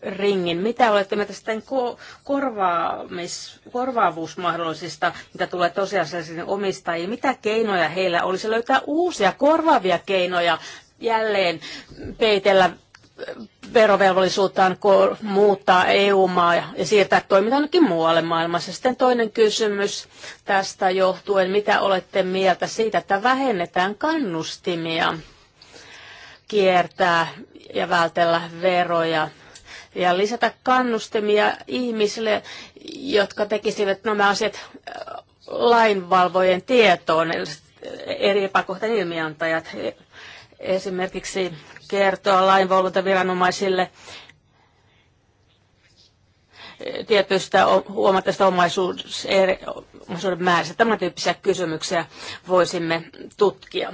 ringin. Mitä olette mieltä sitten korvaamis, korvaavuusmahdollisista, mitä tulee tosiasiallisiin omistajiin? Mitä keinoja heillä olisi löytää uusia korvaavia keinoja jälleen peitellä verovelvollisuuttaan muuttaa EU-maa ja siirtää toimintankin muualle maailmassa. Sitten toinen kysymys tästä johtuen, mitä olette mieltä siitä, että vähennetään kannustimia kiertää ja vältellä veroja ja lisätä kannustimia ihmisille, jotka tekisivät nämä asiat äh, lainvalvojen tietoon, eli eri epäkohtien ilmiantajat. E, esimerkiksi kertoa lainvalvontaviranomaisille tietystä huomattavasta omaisuuden määrästä. Tämän tyyppisiä kysymyksiä voisimme tutkia.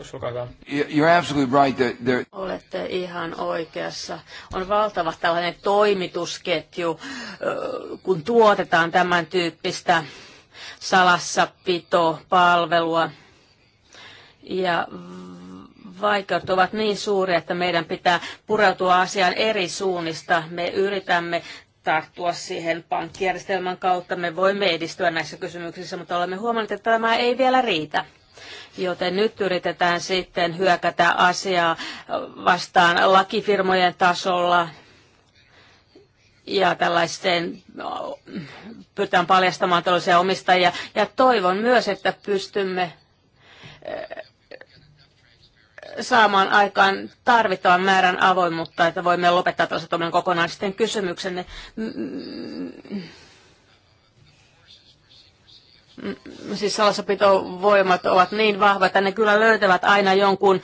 Uh, You're absolutely right. There, there... Olette ihan oikeassa. On valtava tällainen toimitusketju, kun tuotetaan tämän tyyppistä salassapitopalvelua. Ja vaikeudet ovat niin suuria, että meidän pitää pureutua asiaan eri suunnista. Me yritämme tarttua siihen pankkijärjestelmän kautta. Me voimme edistyä näissä kysymyksissä, mutta olemme huomanneet, että tämä ei vielä riitä. Joten nyt yritetään sitten hyökätä asiaa vastaan lakifirmojen tasolla ja tällaisten pyritään paljastamaan tällaisia omistajia. Ja toivon myös, että pystymme saamaan aikaan tarvittavan määrän avoimuutta, että voimme lopettaa tällaisen toiminnan kokonaan. Sitten kysymyksenne, siis salassapitovoimat ovat niin vahvat, että ne kyllä löytävät aina jonkun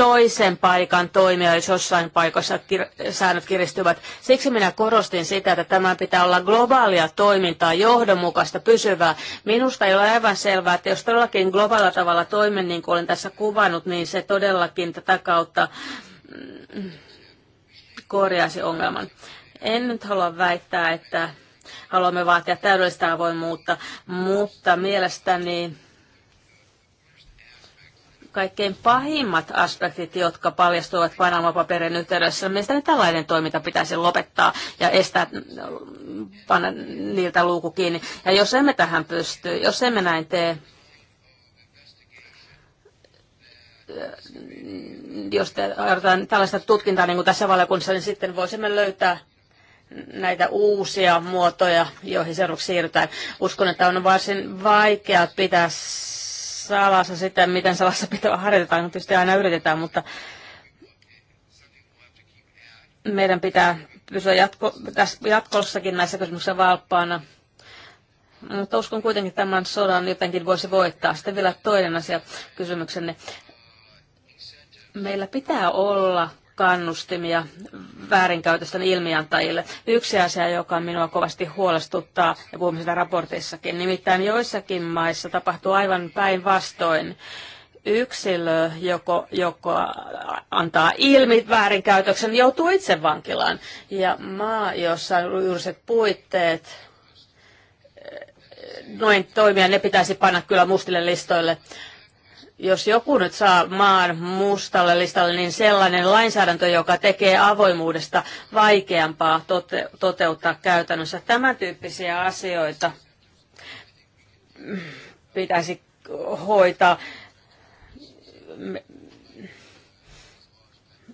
toisen paikan toimia, jos jossain paikassa kir- säännöt kiristyvät. Siksi minä korostin sitä, että tämän pitää olla globaalia toimintaa, johdonmukaista, pysyvää. Minusta ei ole aivan selvää, että jos todellakin globaalilla tavalla toimin, niin kuin olen tässä kuvannut, niin se todellakin tätä kautta mm, korjaisi ongelman. En nyt halua väittää, että haluamme vaatia täydellistä avoimuutta, mutta mielestäni kaikkein pahimmat aspektit, jotka paljastuivat Panama-paperin yhteydessä. Mielestäni tällainen toiminta pitäisi lopettaa ja estää panna niiltä luuku kiinni. Ja jos emme tähän pysty, jos emme näin tee, jos te tällaista tutkintaa niin kuin tässä valiokunnassa, niin sitten voisimme löytää näitä uusia muotoja, joihin seuraavaksi siirrytään. Uskon, että on varsin vaikea pitää salassa sitä, miten salassa pitää harjoitetaan, kun tietysti aina yritetään, mutta meidän pitää pysyä jatko, tässä, jatkossakin näissä kysymyksissä valppaana. Mutta uskon kuitenkin, että tämän sodan jotenkin voisi voittaa. Sitten vielä toinen asia kysymyksenne. Meillä pitää olla kannustimia väärinkäytösten ilmiantajille. Yksi asia, joka minua kovasti huolestuttaa, ja puhumme sitä raportissakin, nimittäin joissakin maissa tapahtuu aivan päinvastoin. Yksilö, joko, joko antaa ilmi väärinkäytöksen, joutuu itse vankilaan. Ja maa, jossa on juuriset puitteet, eh, noin toimia, ne pitäisi panna kyllä mustille listoille jos joku nyt saa maan mustalle listalle, niin sellainen lainsäädäntö, joka tekee avoimuudesta vaikeampaa tote- toteuttaa käytännössä. Tämän tyyppisiä asioita pitäisi hoitaa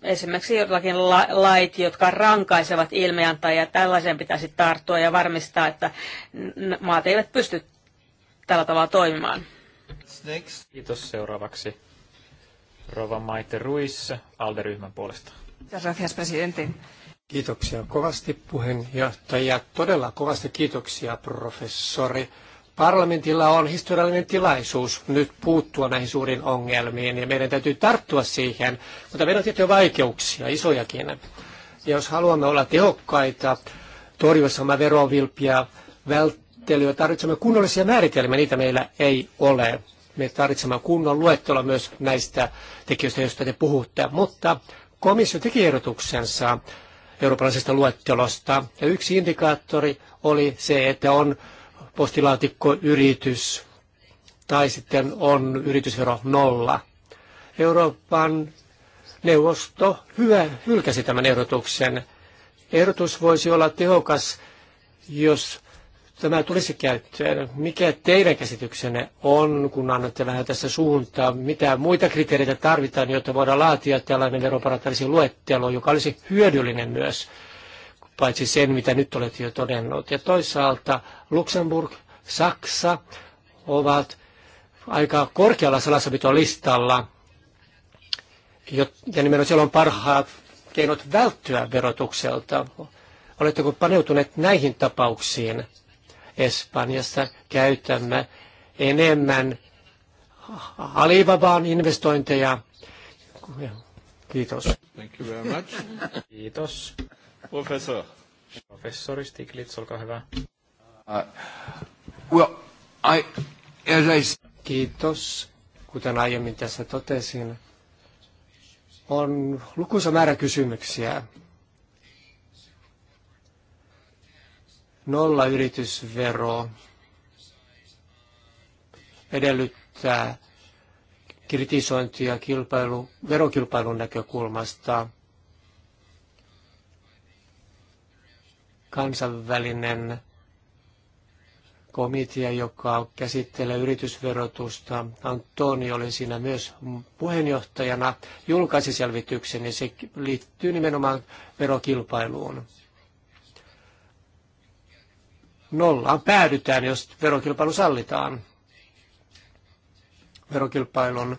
esimerkiksi jotakin lait, jotka rankaisevat ilmeantajia, Tällaiseen pitäisi tarttua ja varmistaa, että maat eivät pysty tällä tavalla toimimaan.
Next. Kiitos seuraavaksi.
Rova Maite Ruiz, ALDE-ryhmän puolesta.
Gracias, presidente.
Kiitoksia kovasti puheenjohtaja. Todella kovasti kiitoksia, professori. Parlamentilla on historiallinen tilaisuus nyt puuttua näihin suuriin ongelmiin ja meidän täytyy tarttua siihen, mutta meillä on tiettyjä vaikeuksia, isojakin. Ja jos haluamme olla tehokkaita, torjuessamme verovilppiä, välttelyä, tarvitsemme kunnollisia määritelmiä, niitä meillä ei ole me tarvitsemme kunnon luettelo myös näistä tekijöistä, joista te puhutte. Mutta komissio teki ehdotuksensa eurooppalaisesta luettelosta. Ja yksi indikaattori oli se, että on postilaatikkoyritys tai sitten on yritysvero nolla. Euroopan neuvosto hyvä, hylkäsi tämän ehdotuksen. Ehdotus voisi olla tehokas, jos tämä tulisi käyttöön. Mikä teidän käsityksenne on, kun annatte vähän tässä suuntaa? Mitä muita kriteereitä tarvitaan, jotta voidaan laatia tällainen veroparatiisin luettelo, joka olisi hyödyllinen myös, paitsi sen, mitä nyt olet jo todennut. Ja toisaalta Luxemburg, Saksa ovat aika korkealla salassapitolistalla, ja nimenomaan siellä on parhaat keinot välttyä verotukselta. Oletteko paneutuneet näihin tapauksiin? Espanjassa käytämme enemmän Alibabaan investointeja. Kiitos.
Thank you very much. Kiitos. Professor. Professori Stiglitz, olkaa hyvä.
Uh, well, I, as I... Kiitos. Kuten aiemmin tässä totesin, on lukuisa määrä kysymyksiä, nolla yritysvero edellyttää kritisointia kilpailu, verokilpailun näkökulmasta. Kansainvälinen komitea, joka käsittelee yritysverotusta, Antoni oli siinä myös puheenjohtajana, julkaisi selvityksen ja se liittyy nimenomaan verokilpailuun nollaan päädytään, jos verokilpailu sallitaan. Verokilpailun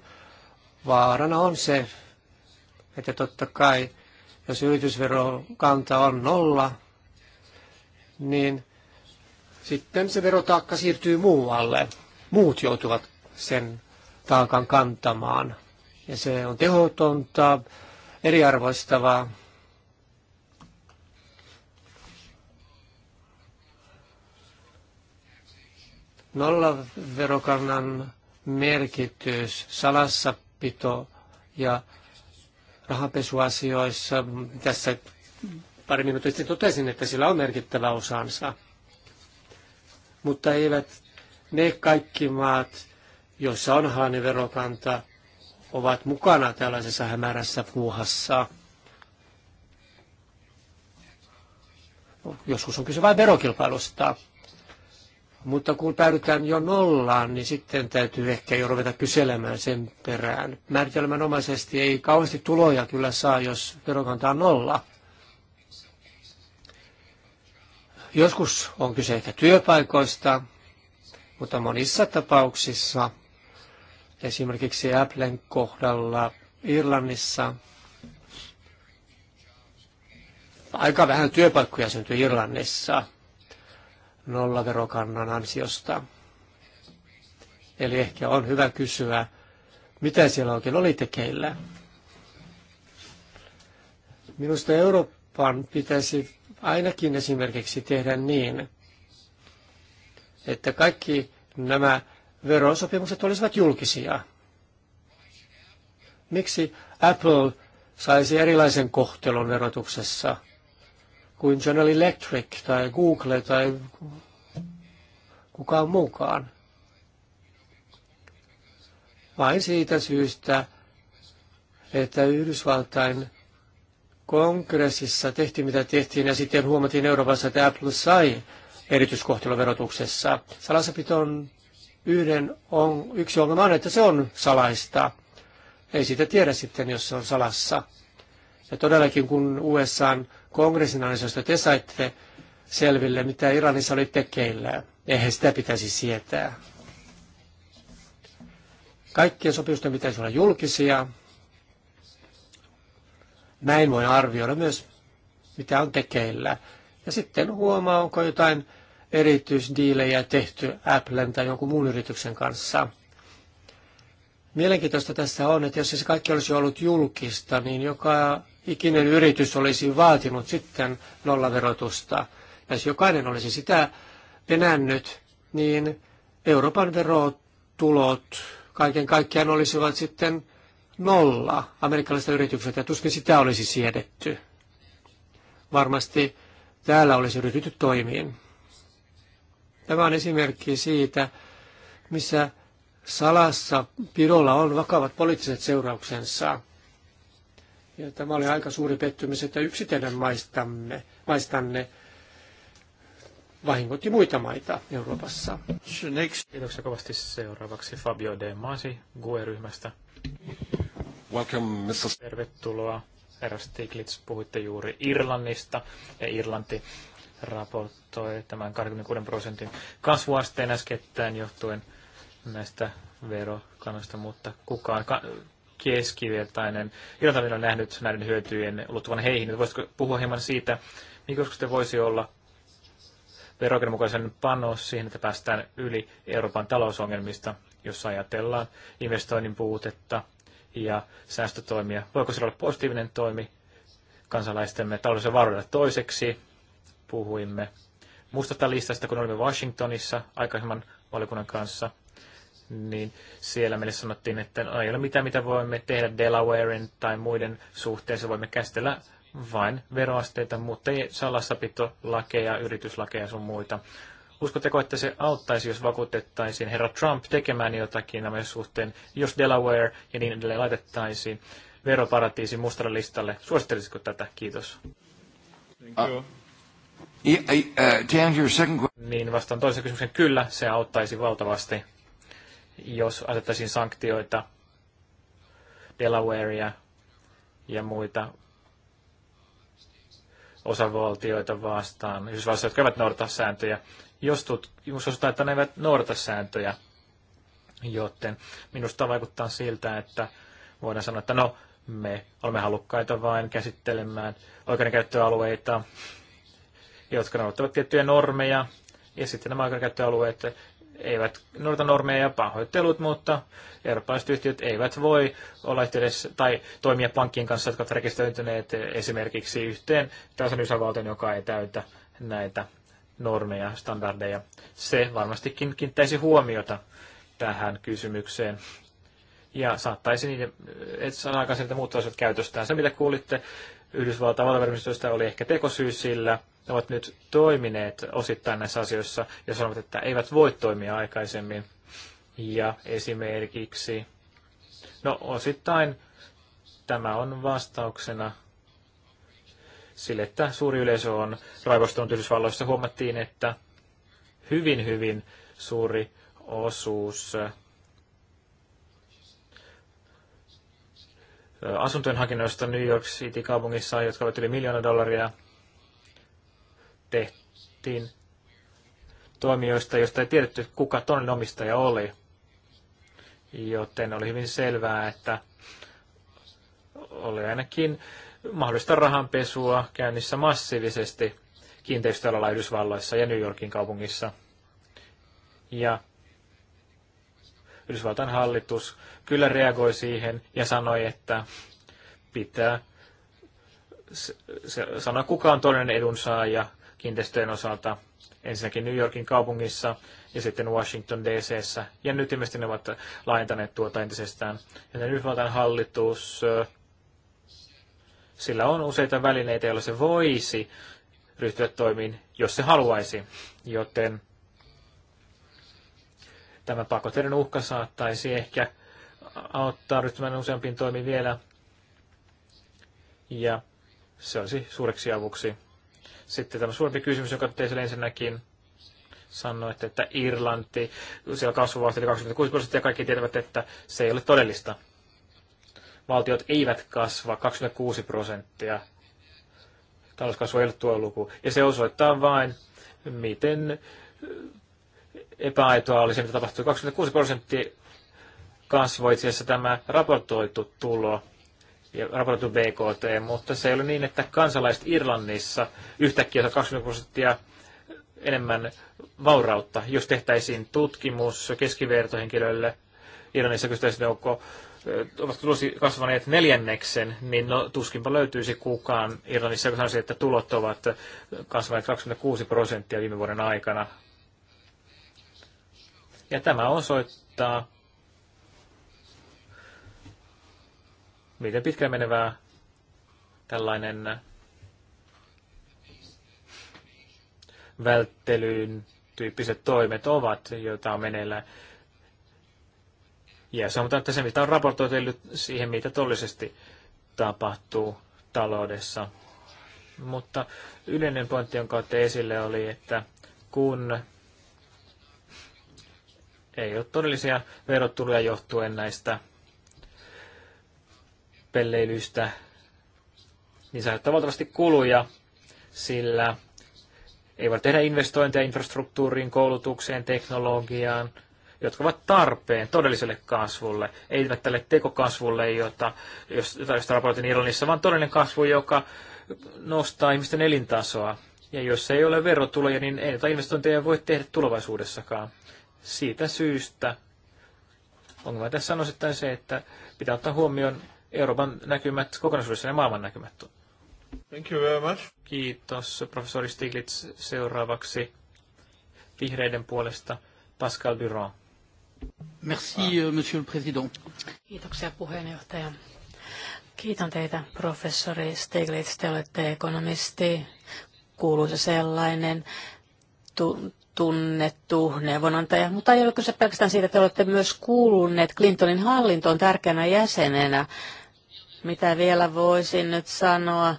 vaarana on se, että totta kai, jos yritysverokanta on nolla, niin sitten se verotaakka siirtyy muualle. Muut joutuvat sen taakan kantamaan. Ja se on tehotonta, eriarvoistavaa Nollaverokannan merkitys salassapito ja rahapesuasioissa Tässä pari minuuttia sitten totesin, että sillä on merkittävä osansa. Mutta eivät ne kaikki maat, joissa on haaniverokanta, ovat mukana tällaisessa hämärässä puuhassa. Joskus on kyse vain verokilpailusta. Mutta kun päädytään jo nollaan, niin sitten täytyy ehkä jo ruveta kyselemään sen perään. Määritelmänomaisesti ei kauheasti tuloja kyllä saa, jos verokanta on nolla. Joskus on kyse ehkä työpaikoista, mutta monissa tapauksissa, esimerkiksi Applen kohdalla Irlannissa, aika vähän työpaikkoja syntyy Irlannissa – nollaverokannan ansiosta. Eli ehkä on hyvä kysyä, mitä siellä oikein oli tekeillä. Minusta Euroopan pitäisi ainakin esimerkiksi tehdä niin, että kaikki nämä verosopimukset olisivat julkisia. Miksi Apple saisi erilaisen kohtelun verotuksessa kuin General Electric tai Google tai kukaan muukaan. Vain siitä syystä, että Yhdysvaltain kongressissa tehtiin mitä tehtiin ja sitten huomattiin Euroopassa, että Apple sai erityiskohteluverotuksessa. verotuksessa. on yhden on, yksi ongelma on, että se on salaista. Ei sitä tiedä sitten, jos se on salassa. Ja todellakin kun USA kongressin ansiosta te saitte selville, mitä Iranissa oli tekeillä. Eihän sitä pitäisi sietää. Kaikkien sopimusten pitäisi olla julkisia. Näin voi arvioida myös, mitä on tekeillä. Ja sitten huomaa, onko jotain erityisdiilejä tehty Applen tai jonkun muun yrityksen kanssa. Mielenkiintoista tässä on, että jos se siis kaikki olisi ollut julkista, niin joka ikinen yritys olisi vaatinut sitten nollaverotusta. Ja jos jokainen olisi sitä penännyt, niin Euroopan verotulot kaiken kaikkiaan olisivat sitten nolla amerikkalaiset yritykset, ja tuskin sitä olisi siedetty. Varmasti täällä olisi yritetty toimiin. Tämä on esimerkki siitä, missä salassa pidolla on vakavat poliittiset seurauksensa. Ja tämä oli aika suuri pettymys, että yksi teidän maistamme, maistanne vahingoitti muita maita Euroopassa.
Next. Kiitoksia kovasti seuraavaksi Fabio De Masi GUE-ryhmästä.
Welcome, Mr.
Tervetuloa. Herra Stiglitz, puhuitte juuri Irlannista ja Irlanti raportoi tämän 26 prosentin kasvuasteen äskettäin johtuen näistä verokannoista, mutta kukaan keskivertainen iltaminen on nähnyt näiden hyötyjen ulottuvan heihin. Voisitko puhua hieman siitä, mikä te voisi olla verokenmukaisen panos siihen, että päästään yli Euroopan talousongelmista, jos ajatellaan investoinnin puutetta ja säästötoimia. Voiko se olla positiivinen toimi kansalaistemme taloudellisen varoilla toiseksi? Puhuimme mustasta listasta, kun olimme Washingtonissa aikaisemman valiokunnan kanssa niin siellä meille sanottiin, että no, ei ole mitään, mitä voimme tehdä Delawarein tai muiden suhteen, se Voimme käsitellä vain veroasteita, mutta ei salassapitolakeja, yrityslakeja ja sun muita. Uskotteko, että se auttaisi, jos vakuutettaisiin herra Trump tekemään jotakin nämä suhteen, jos Delaware ja niin edelleen laitettaisiin veroparatiisi mustalle listalle? Suosittelisitko tätä? Kiitos. Uh, yeah, uh, to your second... Niin vastaan toisen kysymyksen. Kyllä, se auttaisi valtavasti jos asettaisiin sanktioita Delawarea ja muita osavaltioita vastaan, Yhdysvalloissa, jotka eivät noudata sääntöjä, jos tutkimus että ne eivät noudata sääntöjä, joten minusta vaikuttaa siltä, että voidaan sanoa, että no, me olemme halukkaita vain käsittelemään oikeudenkäyttöalueita, jotka noudattavat tiettyjä normeja, ja sitten nämä oikeudenkäyttöalueet eivät noudata normeja ja pahoittelut, mutta eurooppalaiset yhtiöt eivät voi olla yhteydessä tai toimia pankkien kanssa, jotka ovat rekisteröityneet esimerkiksi yhteen tällaisen Yhdysvaltoon, joka ei täytä näitä normeja, standardeja. Se varmastikin kiinnittäisi huomiota tähän kysymykseen ja saattaisi niiden, et saa aikaisemmin muuttaiset käytöstään. Se, mitä kuulitte Yhdysvaltain valtaverkostoista oli ehkä tekosyy sillä, ne ovat nyt toimineet osittain näissä asioissa ja sanovat, että eivät voi toimia aikaisemmin. Ja esimerkiksi, no osittain tämä on vastauksena sille, että suuri yleisö on raivostunut Yhdysvalloissa. Huomattiin, että hyvin, hyvin suuri osuus asuntojen hakinnoista New York City kaupungissa, jotka ovat yli miljoona dollaria, tehtiin toimijoista, joista ei tiedetty, kuka toinen omistaja oli. Joten oli hyvin selvää, että oli ainakin mahdollista rahanpesua käynnissä massiivisesti kiinteistöalalla Yhdysvalloissa ja New Yorkin kaupungissa. Ja Yhdysvaltain hallitus kyllä reagoi siihen ja sanoi, että pitää sanoa kuka on todellinen edunsaaja kiinteistöjen osalta ensinnäkin New Yorkin kaupungissa ja sitten Washington DCssä. Ja nyt ilmeisesti ne ovat laajentaneet tuota entisestään. Joten Yhdysvaltain hallitus, sillä on useita välineitä, joilla se voisi ryhtyä toimiin, jos se haluaisi. Joten Tämä pakoteiden uhka saattaisi ehkä auttaa ryhtymään useampiin toimiin vielä, ja se olisi suureksi avuksi. Sitten tämä suurempi kysymys, joka teille ensinnäkin sanoitte, että Irlanti, siellä kasvuvauhti oli 26 prosenttia, kaikki tietävät, että se ei ole todellista. Valtiot eivät kasva 26 prosenttia. Talouskasvu ei ole tuo luku. Ja se osoittaa vain, miten epäaitoa oli se, mitä tapahtui. 26 prosenttia kasvoi itse asiassa tämä raportoitu tulo ja raportoitu BKT, mutta se ei ole niin, että kansalaiset Irlannissa yhtäkkiä saa 20 prosenttia enemmän vaurautta, jos tehtäisiin tutkimus keskivertohenkilölle Irlannissa kyseisen onko ovat tulosi kasvaneet neljänneksen, niin no, tuskinpa löytyisi kukaan Irlannissa, joka sanoisi, että tulot ovat kasvaneet 26 prosenttia viime vuoden aikana ja tämä osoittaa, miten pitkään menevää tällainen välttelyyn tyyppiset toimet ovat, joita on meneillään. Ja sanotaan, että se mitä on raportoitu siihen, mitä todellisesti tapahtuu taloudessa. Mutta yleinen pointti, jonka otte esille, oli, että kun ei ole todellisia verotuloja johtuen näistä pelleilyistä, niin se aiheuttaa valtavasti kuluja, sillä ei voi tehdä investointeja infrastruktuuriin, koulutukseen, teknologiaan, jotka ovat tarpeen todelliselle kasvulle, ei tälle tekokasvulle, jota, jota, josta raportin Irlannissa, vaan todellinen kasvu, joka nostaa ihmisten elintasoa. Ja jos ei ole verotuloja, niin ei investointeja voi tehdä tulevaisuudessakaan siitä syystä ongelma tässä sanoa sitten se, että pitää ottaa huomioon Euroopan näkymät kokonaisuudessaan ja maailman näkymät. Thank you very much. Kiitos professori Stiglitz. Seuraavaksi vihreiden puolesta Pascal Durand.
Merci, ah. euh, monsieur le président.
Kiitoksia puheenjohtaja. Kiitän teitä, professori Stiglitz. Te olette ekonomisti, kuuluisa sellainen, tunnettu neuvonantaja, mutta ei ole kyse pelkästään siitä, että olette myös kuuluneet Clintonin hallintoon tärkeänä jäsenenä. Mitä vielä voisin nyt sanoa?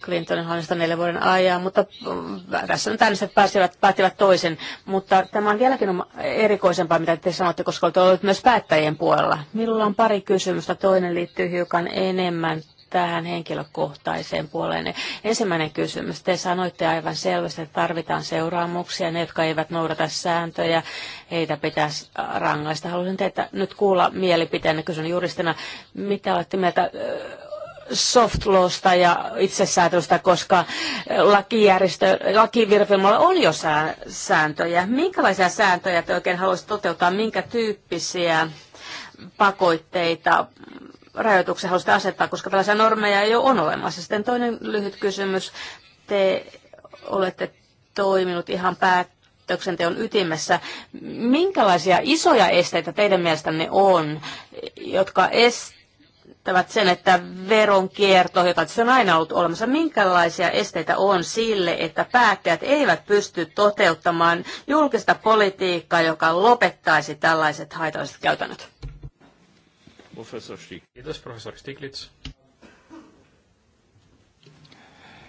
Clintonin hallinnosta neljän vuoden ajan, mutta mm, tässä nyt äänestäjät päättivät, päättivät toisen. Mutta tämä on vieläkin erikoisempaa, mitä te sanotte, koska olette olleet myös päättäjien puolella. Minulla on pari kysymystä. Toinen liittyy hiukan enemmän tähän henkilökohtaiseen puoleen. Ensimmäinen kysymys. Te sanoitte aivan selvästi, että tarvitaan seuraamuksia. Ne, jotka eivät noudata sääntöjä, heitä pitäisi rangaista. Haluaisin teitä nyt kuulla mielipiteenä kysyn juristina. Mitä olette mieltä soft lawsta ja itsesäätöstä, koska lakijärjestö, lakivirfilmalla on jo sääntöjä. Minkälaisia sääntöjä te oikein haluaisitte toteuttaa, minkä tyyppisiä pakoitteita rajoituksia haluaisitte asettaa, koska tällaisia normeja ei ole on olemassa. Sitten toinen lyhyt kysymys. Te olette toiminut ihan päätöksenteon ytimessä. Minkälaisia isoja esteitä teidän mielestänne on, jotka estävät sen, että veronkierto, jota se on aina ollut olemassa, minkälaisia esteitä on sille, että päättäjät eivät pysty toteuttamaan julkista politiikkaa, joka lopettaisi tällaiset haitalliset käytännöt?
professor Stiglitz. Kiitos,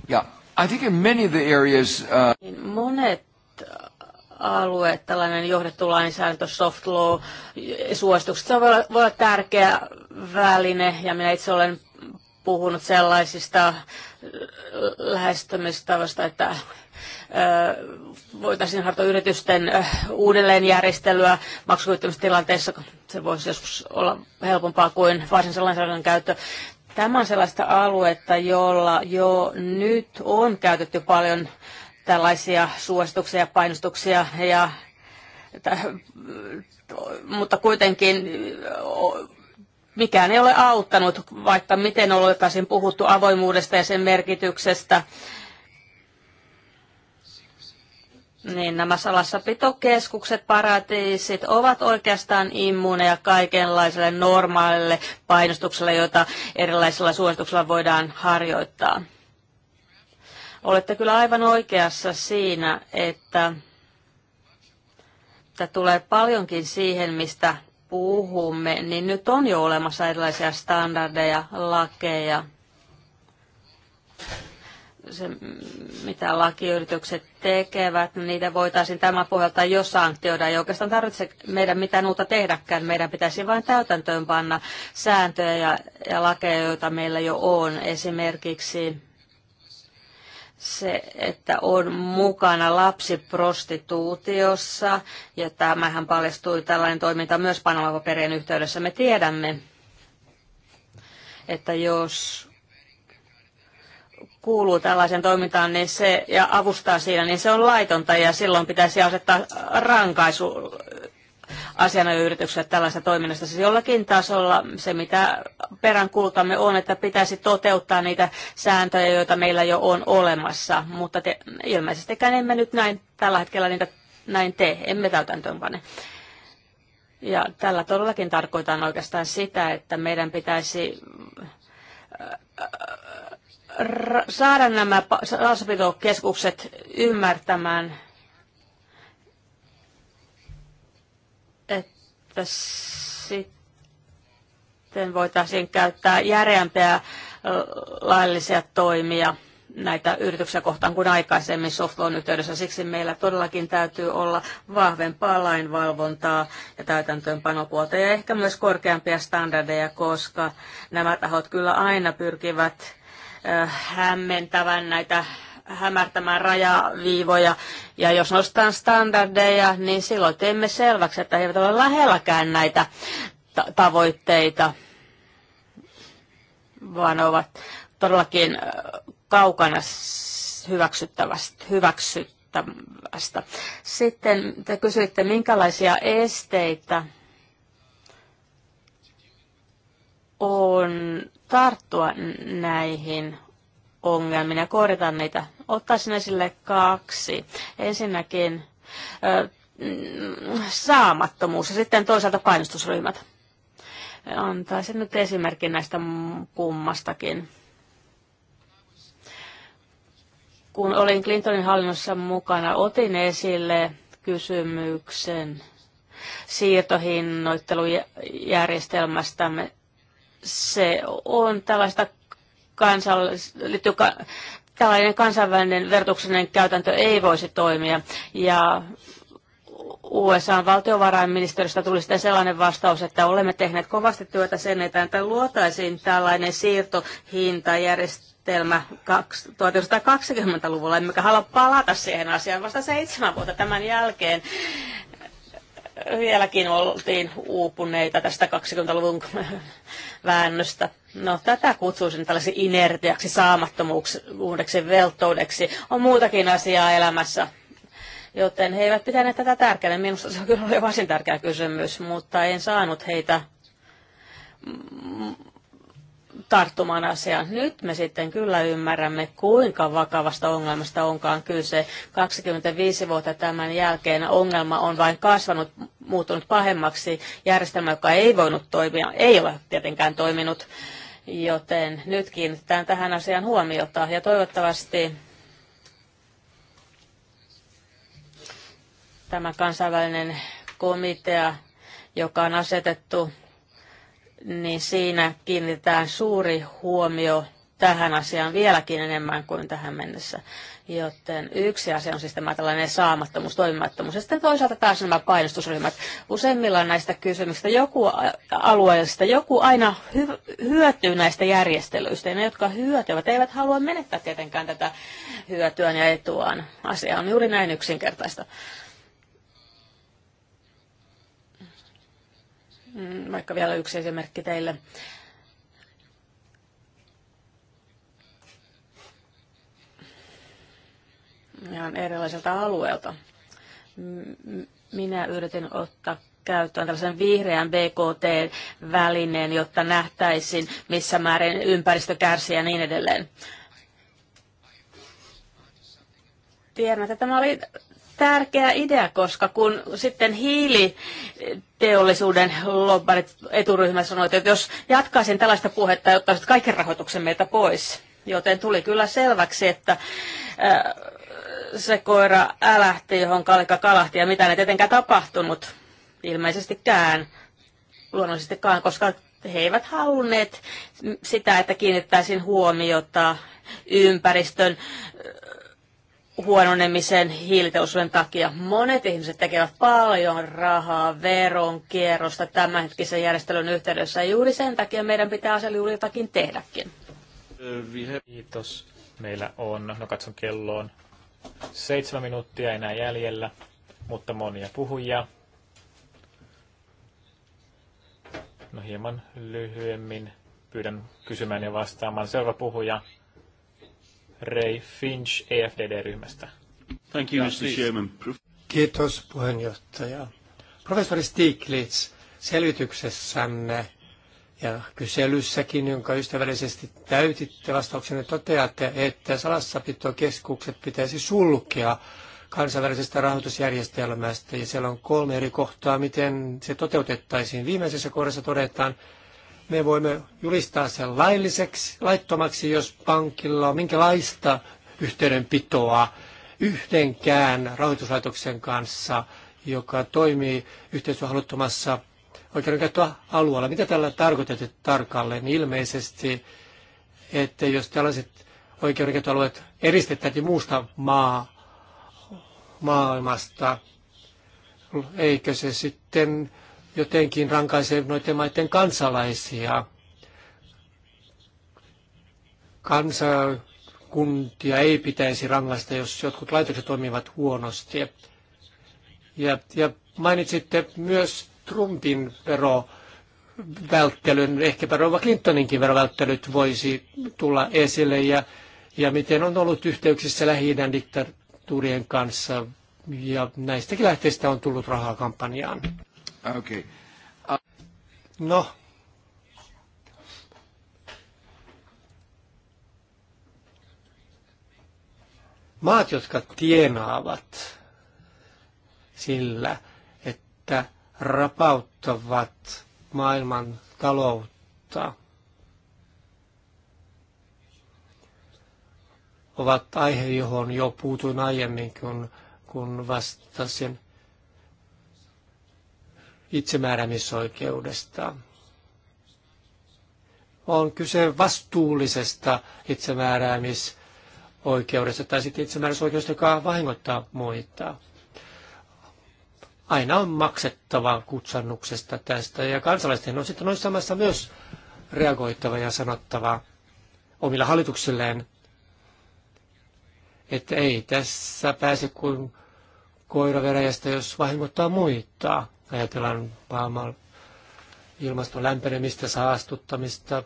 Yeah, I think in many of the areas, uh... Niin monet alueet tällainen johdettu lainsäädäntö, soft law, suositukset, se voi olla tärkeä väline, ja minä itse olen puhunut sellaisista lähestymistavasta, että voitaisiin harto yritysten uudelleenjärjestelyä maksukyvyttömyystilanteessa. Se voisi joskus olla helpompaa kuin varsinaisen lainsäädännön käyttö. Tämä on sellaista aluetta, jolla jo nyt on käytetty paljon tällaisia suosituksia ja painostuksia ja mutta kuitenkin mikään ei ole auttanut, vaikka miten oltaisiin puhuttu avoimuudesta ja sen merkityksestä. Niin, nämä salassapitokeskukset, paratiisit ovat oikeastaan immuuneja kaikenlaiselle normaalille painostukselle, joita erilaisilla suosituksilla voidaan harjoittaa. Olette kyllä aivan oikeassa siinä, että, että tulee paljonkin siihen, mistä puhumme, niin nyt on jo olemassa erilaisia standardeja, lakeja, se, mitä lakiyritykset tekevät, niin niitä voitaisiin tämän pohjalta jo sanktioida. Ei oikeastaan tarvitse meidän mitään uutta tehdäkään. Meidän pitäisi vain täytäntöön panna sääntöjä ja, ja lakeja, joita meillä jo on. Esimerkiksi se, että on mukana lapsi prostituutiossa, ja tämähän paljastui tällainen toiminta myös panama yhteydessä. Me tiedämme, että jos kuuluu tällaisen toimintaan niin se, ja avustaa siinä, niin se on laitonta ja silloin pitäisi asettaa rankaisu asianajoyritykselle tällaista toiminnasta. Siis jollakin tasolla se, mitä peräänkuulutamme on, että pitäisi toteuttaa niitä sääntöjä, joita meillä jo on olemassa, mutta te, ilmeisestikään emme nyt näin tällä hetkellä niitä näin tee, emme täytäntöönpane. Ja tällä todellakin tarkoitan oikeastaan sitä, että meidän pitäisi äh, äh, saada nämä salasopitokeskukset ymmärtämään, sitten voitaisiin käyttää järeämpiä laillisia toimia näitä yrityksiä kohtaan kuin aikaisemmin softloon yhteydessä. Siksi meillä todellakin täytyy olla vahvempaa lainvalvontaa ja täytäntöönpanopuolta ja ehkä myös korkeampia standardeja, koska nämä tahot kyllä aina pyrkivät hämmentävän näitä hämärtämään rajaviivoja. Ja jos nostetaan standardeja, niin silloin teemme selväksi, että he eivät ole lähelläkään näitä ta- tavoitteita, vaan ovat todellakin kaukana hyväksyttävästä. hyväksyttävästä. Sitten te kysyitte, minkälaisia esteitä on tarttua näihin ongelmina ja korjata niitä. Ottaisin esille kaksi. Ensinnäkin ö, mm, saamattomuus ja sitten toisaalta painostusryhmät. Antaisin nyt esimerkin näistä kummastakin. Kun olin Clintonin hallinnossa mukana, otin esille kysymyksen siirtohinnoittelujärjestelmästämme. Se on tällaista kansallis, liittyy ka, tällainen kansainvälinen vertuksinen käytäntö ei voisi toimia. Ja USAn valtiovarainministeriöstä tuli sitten sellainen vastaus, että olemme tehneet kovasti työtä sen eteen, että luotaisiin tällainen siirtohintajärjestelmä 1920-luvulla, emmekä halua palata siihen asiaan vasta seitsemän vuotta tämän jälkeen vieläkin oltiin uupuneita tästä 20-luvun väännöstä. No, tätä kutsuisin tällaisen inertiaksi, saamattomuudeksi, velttoudeksi. On muutakin asiaa elämässä, joten he eivät pitäneet tätä tärkeänä. Minusta se kyllä oli varsin tärkeä kysymys, mutta en saanut heitä tarttumaan asiaan. Nyt me sitten kyllä ymmärrämme, kuinka vakavasta ongelmasta onkaan kyse. 25 vuotta tämän jälkeen ongelma on vain kasvanut, muuttunut pahemmaksi. Järjestelmä, joka ei voinut toimia, ei ole tietenkään toiminut. Joten nyt kiinnitetään tähän asiaan huomiota ja toivottavasti tämä kansainvälinen komitea, joka on asetettu niin siinä kiinnitetään suuri huomio tähän asiaan vieläkin enemmän kuin tähän mennessä. Joten yksi asia on siis tämä tällainen saamattomuus, toimimattomuus. Ja sitten toisaalta taas nämä painostusryhmät. Useimmilla näistä kysymyksistä joku alueellista, joku aina hy- hyötyy näistä järjestelyistä. Ja ne, jotka hyötyvät, eivät halua menettää tietenkään tätä hyötyä ja etuaan. Asia on juuri näin yksinkertaista. Mm, vaikka vielä yksi esimerkki teille. ihan erilaiselta alueelta. Minä yritin ottaa käyttöön tällaisen vihreän BKT-välineen, jotta nähtäisin missä määrin ympäristö kärsii ja niin edelleen. Tiedän, että tämä oli tärkeä idea, koska kun sitten hiiliteollisuuden lobbarit eturyhmä sanoi, että jos jatkaisin tällaista puhetta, ja ottaisit kaiken rahoituksen meiltä pois. Joten tuli kyllä selväksi, että äh, se koira älähti, johon kalikka kalahti, ja mitä ei tietenkään tapahtunut ilmeisestikään, luonnollisestikaan, koska he eivät halunneet sitä, että kiinnittäisin huomiota ympäristön huononemisen hiiliteosuuden takia. Monet ihmiset tekevät paljon rahaa veronkierrosta tämänhetkisen järjestelyn yhteydessä. Ja juuri sen takia meidän pitää asialle juuri jotakin tehdäkin.
Kiitos. Meillä on, no katson kelloon, seitsemän minuuttia enää jäljellä, mutta monia puhujia. No hieman lyhyemmin pyydän kysymään ja vastaamaan. Seuraava puhuja. Ray Finch EFDD-ryhmästä. Thank you, Mr. Chairman.
Kiitos puheenjohtaja. Professori Stiglitz, selvityksessänne ja kyselyssäkin, jonka ystävällisesti täytitte vastauksenne, toteatte, että salassapitokeskukset pitäisi sulkea kansainvälisestä rahoitusjärjestelmästä, ja siellä on kolme eri kohtaa, miten se toteutettaisiin. Viimeisessä kohdassa todetaan, me voimme julistaa sen lailliseksi, laittomaksi, jos pankilla on minkälaista yhteydenpitoa yhdenkään rahoituslaitoksen kanssa, joka toimii yhteisön haluttomassa alueella. Mitä tällä tarkoitetaan tarkalleen? Niin ilmeisesti, että jos tällaiset oikeudenkäyttöalueet eristettäisiin muusta maa, maailmasta, eikö se sitten jotenkin rankaisee noiden maiden kansalaisia. Kansakuntia ei pitäisi rangaista, jos jotkut laitokset toimivat huonosti. Ja, ja mainitsitte myös Trumpin vero välttelyn, ehkäpä Rova Clintoninkin verovälttelyt voisi tulla esille ja, ja miten on ollut yhteyksissä lähi diktatuurien kanssa ja näistäkin lähteistä on tullut rahaa kampanjaan. Okay. Uh... No. Maat, jotka tienaavat sillä, että rapauttavat maailman taloutta, ovat aihe, johon jo puutuin aiemmin, kun, kun vastasin itsemääräämisoikeudesta. On kyse vastuullisesta itsemääräämisoikeudesta tai sitten itsemääräämisoikeudesta, joka vahingoittaa muita. Aina on maksettava kutsannuksesta tästä ja kansalaisten on sitten noissa samassa myös reagoittava ja sanottava omilla hallituksilleen, että ei tässä pääse kuin koira veräjästä, jos vahingoittaa muita ajatellaan maailman ilmaston lämpenemistä, saastuttamista.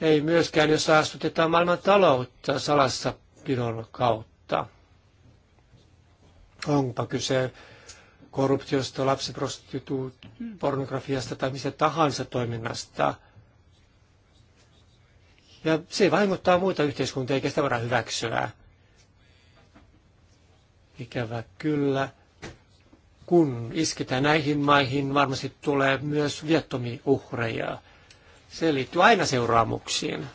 Ei myöskään, jos saastutetaan maailman taloutta salassa pidon kautta. Onpa kyse korruptiosta, lapsiprostituutiosta, pornografiasta tai mistä tahansa toiminnasta. Ja se vahingoittaa muita yhteiskuntia, eikä sitä voida hyväksyä. Ikävä kyllä kun isketään näihin maihin, varmasti tulee myös uhreja. Se liittyy aina seuraamuksiin.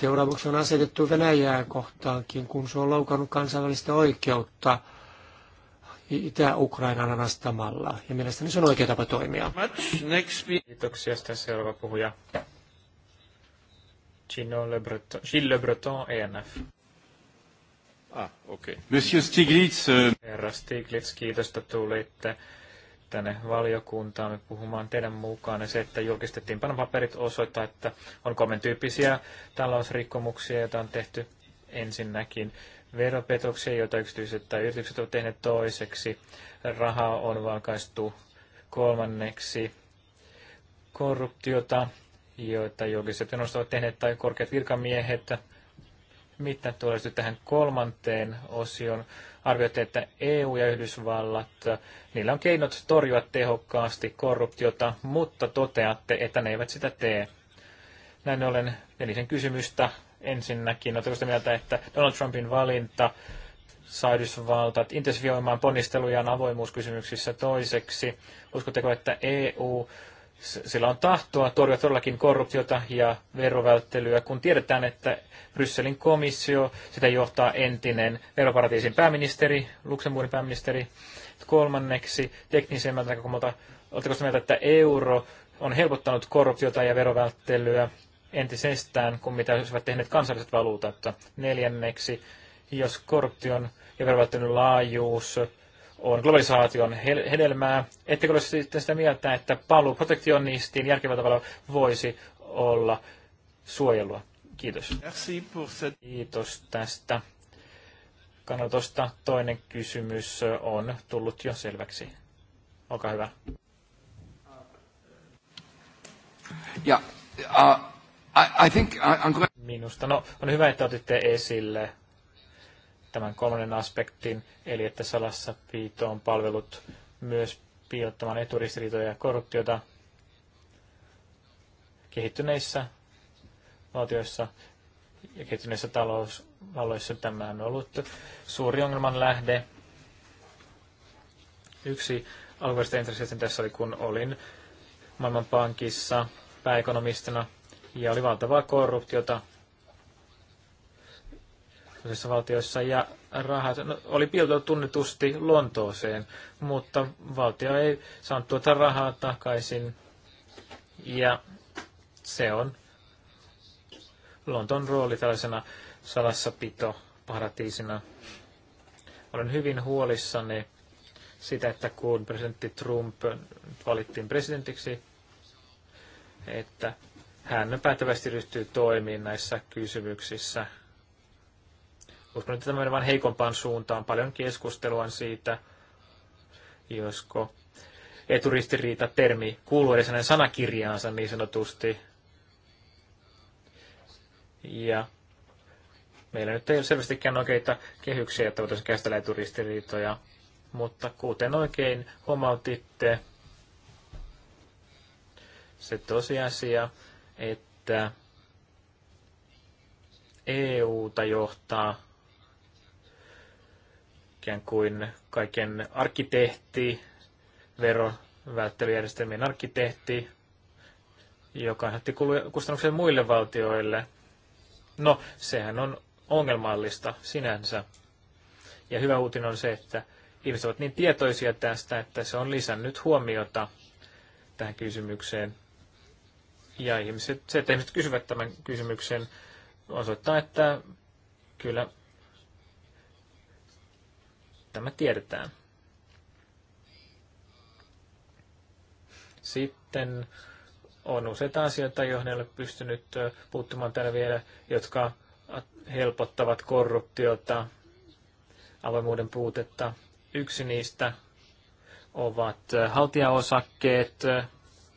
Seuraamuksia on asetettu Venäjää kohtaankin, kun se on loukannut kansainvälistä oikeutta Itä-Ukrainan anastamalla. Ja mielestäni se on oikea tapa toimia.
Kiitoksia. sitä seuraava puhuja. Gilles Breton, ENF. Ah, okei. Okay.
Monsieur Stiglitz. Euh, Herra
Stiglitz, kiitos, että tulitte tänne valiokuntaan puhumaan teidän mukaan. Ja se, että julkistettiin paperit osoittaa, että on kolmen tyyppisiä talousrikkomuksia, joita on tehty ensinnäkin veropetoksia, joita yksityiset tai yritykset ovat tehneet toiseksi. Rahaa on valkaistu kolmanneksi korruptiota, joita julkiset ovat tehneet tai korkeat virkamiehet mitä tulee sitten tähän kolmanteen osion, arvioitte, että EU ja Yhdysvallat, niillä on keinot torjua tehokkaasti korruptiota, mutta toteatte, että ne eivät sitä tee. Näin ollen nelisen kysymystä ensinnäkin. Oletteko sitä mieltä, että Donald Trumpin valinta saa Yhdysvaltat intensifioimaan ponnistelujaan avoimuuskysymyksissä toiseksi? Uskotteko, että EU sillä on tahtoa torjua todellakin korruptiota ja verovälttelyä, kun tiedetään, että Brysselin komissio, sitä johtaa entinen veroparatiisin pääministeri, Luxemburgin pääministeri. Kolmanneksi teknisemmältä näkökulmalta, oletteko sitä mieltä, että euro on helpottanut korruptiota ja verovälttelyä entisestään kuin mitä olisivat tehneet kansalliset valuutat. Neljänneksi, jos korruption ja verovälttelyn laajuus on globalisaation hedelmää. Ettekö ole sitten sitä mieltä, että paluu protektionistiin järkevällä tavalla voisi olla suojelua? Kiitos. Kiitos tästä kannatosta. Toinen kysymys on tullut jo selväksi. Olkaa hyvä.
Ja, uh,
I, I think I'm... Minusta. No, on hyvä, että otitte esille tämän kolmannen aspektin, eli että piitoon palvelut myös piilottamaan eturistiriitoja ja korruptiota kehittyneissä valtioissa ja kehittyneissä talousvalloissa tämä on ollut suuri ongelman lähde. Yksi alkuperäistä intressistä tässä oli, kun olin Maailmanpankissa pääekonomistina ja oli valtavaa korruptiota sosiaalisissa valtioissa ja rahat no, oli piiloteltu tunnetusti Lontooseen, mutta valtio ei saanut tuota rahaa takaisin ja se on Lontoon rooli tällaisena salassapito paratiisina. Olen hyvin huolissani sitä, että kun presidentti Trump valittiin presidentiksi, että hän päättävästi ryhtyy toimiin näissä kysymyksissä. Uskon, että tämä menee vain heikompaan suuntaan. Paljon keskustelua on siitä, josko eturistiriita termi kuuluu edes hänen sanakirjaansa niin sanotusti. Ja meillä nyt ei ole selvästikään oikeita kehyksiä, että voitaisiin käsitellä eturistiriitoja, mutta kuten oikein huomautitte, se tosiasia, että EUta johtaa ikään kuin kaiken arkkitehti, verovälttelyjärjestelmien arkkitehti, joka aiheutti kustannuksia muille valtioille. No, sehän on ongelmallista sinänsä. Ja hyvä uutinen on se, että ihmiset ovat niin tietoisia tästä, että se on lisännyt huomiota tähän kysymykseen. Ja ihmiset, se, että ihmiset kysyvät tämän kysymyksen, osoittaa, että kyllä Tämä tiedetään. Sitten on useita asioita, joihin ei ole pystynyt puuttumaan täällä vielä, jotka helpottavat korruptiota, avoimuuden puutetta. Yksi niistä ovat haltijaosakkeet.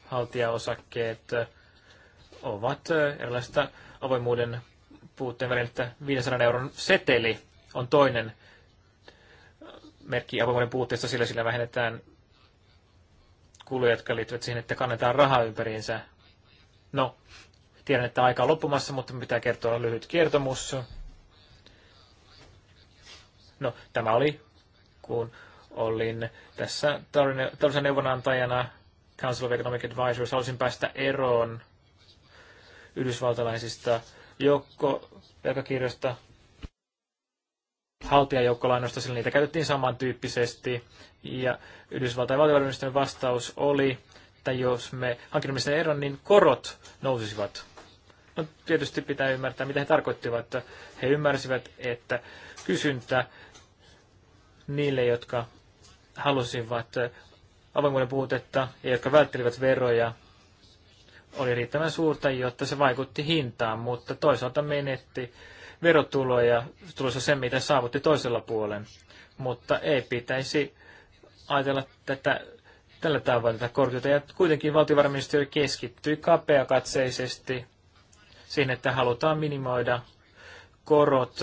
Haltijaosakkeet ovat erilaista avoimuuden puutteen että 500 euron seteli on toinen merkki avoimuuden puutteesta, sillä sillä vähennetään kuluja, jotka liittyvät siihen, että kannetaan rahaa ympäriinsä. No, tiedän, että aika on loppumassa, mutta pitää kertoa lyhyt kertomus. No, tämä oli, kun olin tässä taloudellisen neuvonantajana Council of Economic Advisors, halusin päästä eroon yhdysvaltalaisista velkakirjoista, haltijajoukkolainoista, sillä niitä käytettiin samantyyppisesti. Ja Yhdysvaltain valtiovarainministeriön vastaus oli, että jos me hankimme sen eron, niin korot nousisivat. No tietysti pitää ymmärtää, mitä he tarkoittivat. He ymmärsivät, että kysyntä niille, jotka halusivat avoimuuden puutetta ja jotka välttelivät veroja, oli riittävän suurta, jotta se vaikutti hintaan, mutta toisaalta menetti verotuloja tulossa sen, mitä saavutti toisella puolen. Mutta ei pitäisi ajatella tätä tällä tavalla tätä korkeutta. Ja kuitenkin valtiovarainministeriö keskittyi kapeakatseisesti siihen, että halutaan minimoida korot.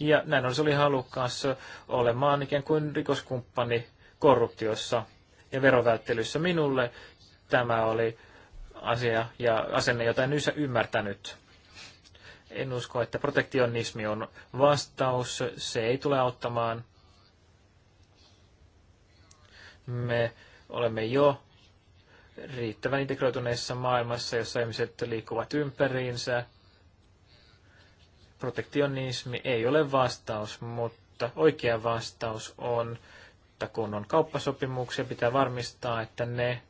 Ja näin on oli halukkaassa olemaan ikään kuin rikoskumppani korruptiossa ja verovälttelyssä. Minulle tämä oli asia ja asenne, jota en ymmärtänyt. En usko, että protektionismi on vastaus. Se ei tule auttamaan. Me olemme jo riittävän integroituneessa maailmassa, jossa ihmiset liikkuvat ympäriinsä. Protektionismi ei ole vastaus, mutta oikea vastaus on, että kun on kauppasopimuksia, pitää varmistaa, että ne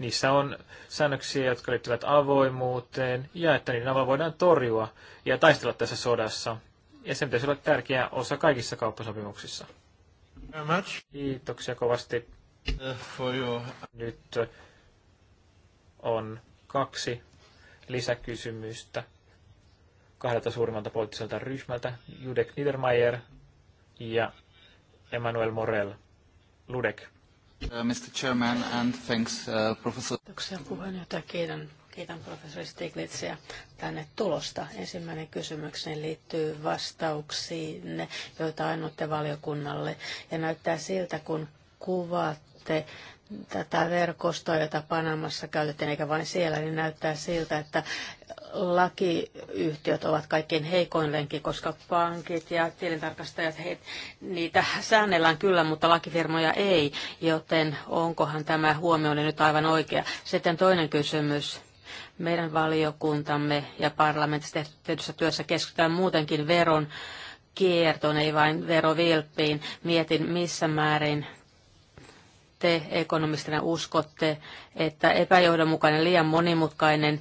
niissä on säännöksiä, jotka liittyvät avoimuuteen ja että niiden avulla voidaan torjua ja taistella tässä sodassa. Ja sen pitäisi olla tärkeä osa kaikissa kauppasopimuksissa. Kiitoksia kovasti. Nyt on kaksi lisäkysymystä kahdelta suurimmalta poliittiselta ryhmältä, Judek Niedermayer ja Emmanuel Morel. Ludek. Uh,
Mr. Chairman, and thanks, uh, professor. Kiitoksia puheenjohtaja. Kiitän, kiitän professori Stiglitzia tänne tulosta. Ensimmäinen kysymykseni liittyy vastauksiin, joita annoitte valiokunnalle. Ja näyttää siltä, kun kuvaatte tätä verkostoa, jota Panamassa käytettiin, eikä vain siellä, niin näyttää siltä, että lakiyhtiöt ovat kaikkein heikoin lenki, koska pankit ja tilintarkastajat, he, niitä säännellään kyllä, mutta lakifirmoja ei, joten onkohan tämä huomio nyt aivan oikea. Sitten toinen kysymys. Meidän valiokuntamme ja parlamentissa tehtyssä työssä keskitytään muutenkin veron kiertoon, ei vain verovilppiin. Mietin, missä määrin te ekonomistina uskotte, että epäjohdonmukainen, liian monimutkainen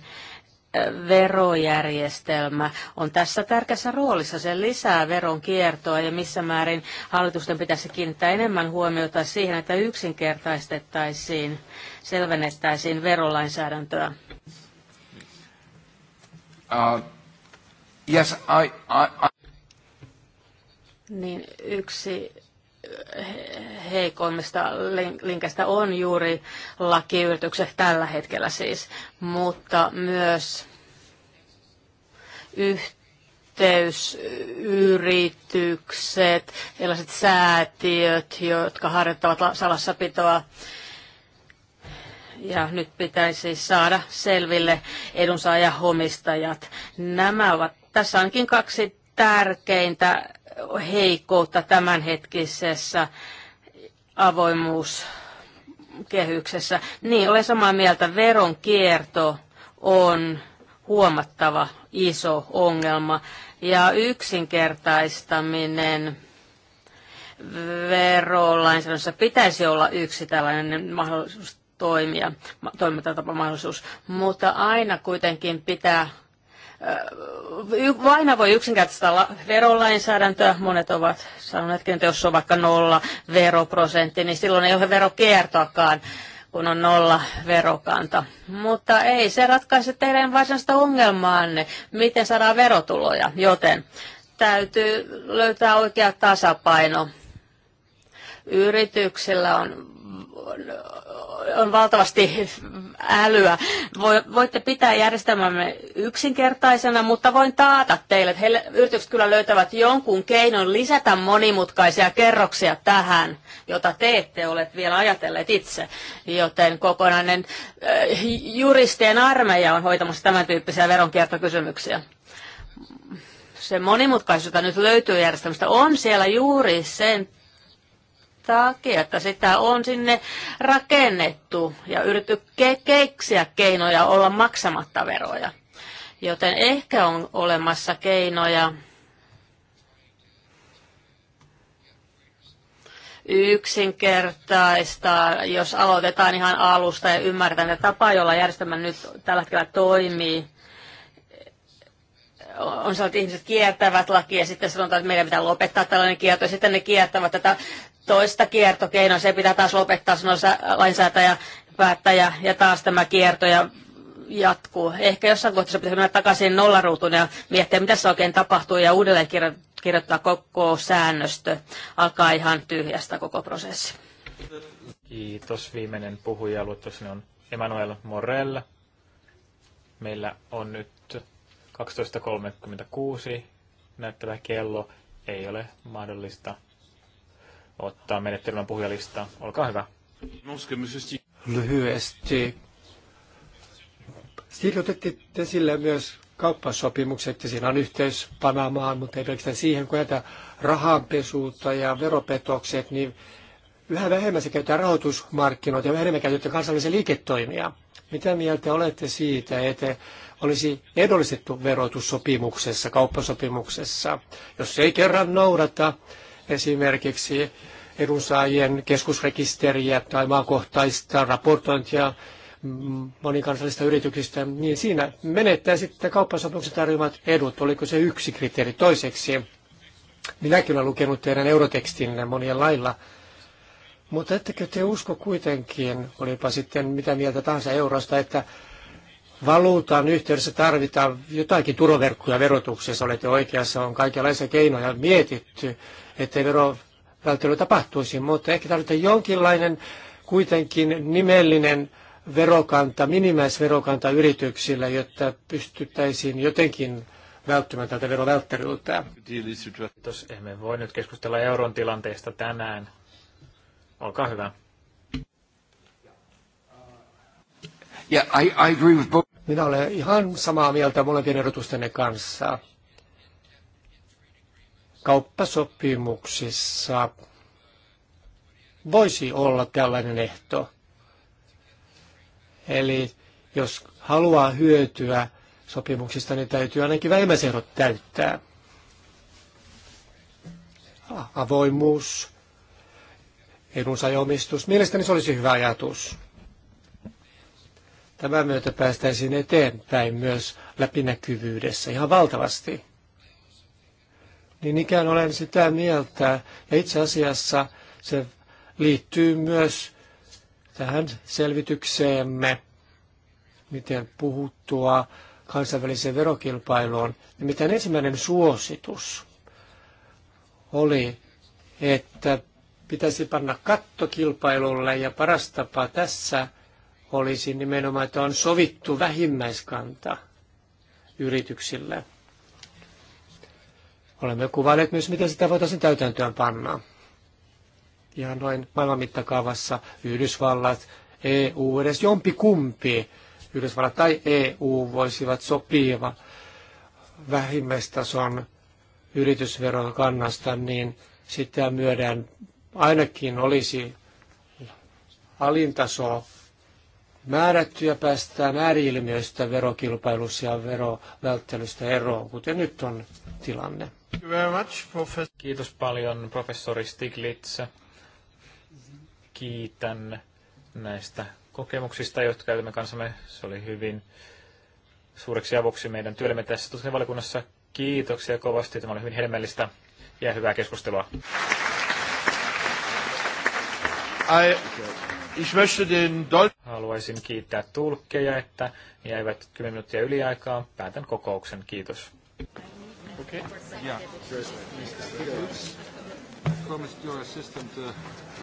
verojärjestelmä on tässä tärkeässä roolissa. Se lisää veron kiertoa ja missä määrin hallitusten pitäisi kiinnittää enemmän huomiota siihen, että yksinkertaistettaisiin, selvennettäisiin verolainsäädäntöä. Uh, yes, I, I, I... Niin yksi heikoimmista linkistä on juuri lakiyritykset tällä hetkellä siis, mutta myös yhteysyritykset, erilaiset säätiöt, jotka harjoittavat salassapitoa. Ja nyt pitäisi saada selville edunsaajahomistajat. Nämä ovat, tässä onkin kaksi tärkeintä heikkoutta tämänhetkisessä avoimuuskehyksessä. Niin, olen samaa mieltä. Veronkierto on huomattava iso ongelma ja yksinkertaistaminen verolainsäädännössä pitäisi olla yksi tällainen mahdollisuus toimia, toimintatapamahdollisuus, mutta aina kuitenkin pitää Vaina voi olla verolainsäädäntöä. Monet ovat sanoneet, että jos on vaikka nolla veroprosentti, niin silloin ei ole verokiertoakaan kun on nolla verokanta. Mutta ei se ratkaise teidän varsinaista ongelmaanne, miten saadaan verotuloja, joten täytyy löytää oikea tasapaino. Yrityksillä on on valtavasti älyä. Voitte pitää järjestelmämme yksinkertaisena, mutta voin taata teille, että heille, yritykset kyllä löytävät jonkun keinon lisätä monimutkaisia kerroksia tähän, jota te ette ole vielä ajatelleet itse. Joten kokonainen äh, juristien armeija on hoitamassa tämän tyyppisiä veronkiertokysymyksiä se monimutkaisuus, jota nyt löytyy järjestelmästä, on siellä juuri sen takia, että sitä on sinne rakennettu ja yritetty ke- keksiä keinoja olla maksamatta veroja. Joten ehkä on olemassa keinoja yksinkertaista, jos aloitetaan ihan alusta ja ymmärretään että tapa, jolla järjestelmä nyt tällä hetkellä toimii on sellainen, että ihmiset kiertävät lakia ja sitten sanotaan, että meidän pitää lopettaa tällainen kierto ja sitten ne kiertävät tätä toista kiertokeinoa. Se pitää taas lopettaa, sanoo lainsäätäjä, päättäjä ja taas tämä kierto ja jatkuu. Ehkä jossain kohtaa pitäisi mennä takaisin nollaruutuun ja miettiä, mitä se oikein tapahtuu ja uudelleen kirjoittaa koko säännöstö. Alkaa ihan tyhjästä koko prosessi.
Kiitos. Viimeinen puhuja luottosani on Emanuel Morell. Meillä on nyt 12.36 näyttävä kello. Ei ole mahdollista ottaa menettelyn puhujalistaa. Olkaa hyvä.
Lyhyesti. Siinä otettiin esille myös kauppasopimukset ja siinä on yhteys Panamaan, mutta ei pelkästään siihen, kun näitä rahanpesuutta ja veropetokset, niin yhä vähemmän se käytetään rahoitusmarkkinoita ja vähemmän käytetään kansallisia liiketoimia. Mitä mieltä olette siitä, että olisi edollistettu verotussopimuksessa, kauppasopimuksessa, jos ei kerran noudata esimerkiksi edunsaajien keskusrekisteriä tai maakohtaista raportointia monikansallisista yrityksistä, niin siinä menettää sitten kauppasopimuksen tarjoamat edut. Oliko se yksi kriteeri? Toiseksi, minäkin olen lukenut teidän eurotekstinne monien lailla, mutta ettekö te usko kuitenkin, olipa sitten mitä mieltä tahansa eurosta, että valuutan yhteydessä tarvitaan jotakin turvaverkkoja verotuksessa, olette oikeassa, on kaikenlaisia keinoja mietitty, ettei verovälttely tapahtuisi, mutta ehkä tarvitaan jonkinlainen kuitenkin nimellinen verokanta, minimäisverokanta yrityksille, jotta pystyttäisiin jotenkin välttymään tältä verovälttelyltä.
Kiitos. Emme voi nyt keskustella euron tilanteesta tänään. Olkaa hyvä.
Yeah, I, I agree with both. Minä olen ihan samaa mieltä molempien erotustenne kanssa. Kauppasopimuksissa voisi olla tällainen ehto. Eli jos haluaa hyötyä sopimuksista, niin täytyy ainakin vähimmäisehdot täyttää. Avoimuus, edunsaajomistus. Mielestäni se olisi hyvä ajatus. Tämän myötä päästäisiin eteenpäin myös läpinäkyvyydessä ihan valtavasti. Niin ikään olen sitä mieltä, ja itse asiassa se liittyy myös tähän selvitykseemme, miten puhuttua kansainväliseen verokilpailuun. Nimittäin ensimmäinen suositus oli, että pitäisi panna katto kilpailulle ja paras tapa tässä olisi nimenomaan, että on sovittu vähimmäiskanta yrityksille. Olemme kuvailleet myös, miten sitä voitaisiin täytäntöön panna. Ihan noin maailman mittakaavassa Yhdysvallat, EU, edes kumpi Yhdysvallat tai EU voisivat sopiva vähimmäistason yritysveron kannasta, niin sitä myöden ainakin olisi alintaso määrättyjä päästään ääriilmiöistä verokilpailussa ja verovälttelystä eroon, kuten nyt on tilanne.
Kiitos paljon professori Stiglitz. Kiitän näistä kokemuksista, jotka käytämme kanssamme. Se oli hyvin suureksi avuksi meidän työllemme tässä tutkimusvaliokunnassa. Kiitoksia kovasti. Tämä oli hyvin hedelmällistä ja hyvää keskustelua. I... Ich möchte den Haluaisin kiittää tulkkeja, että jäivät 10 minuuttia yliaikaa. Päätän kokouksen. Kiitos.
Okay. Yeah. Yeah. Stewart, your assistant. Uh...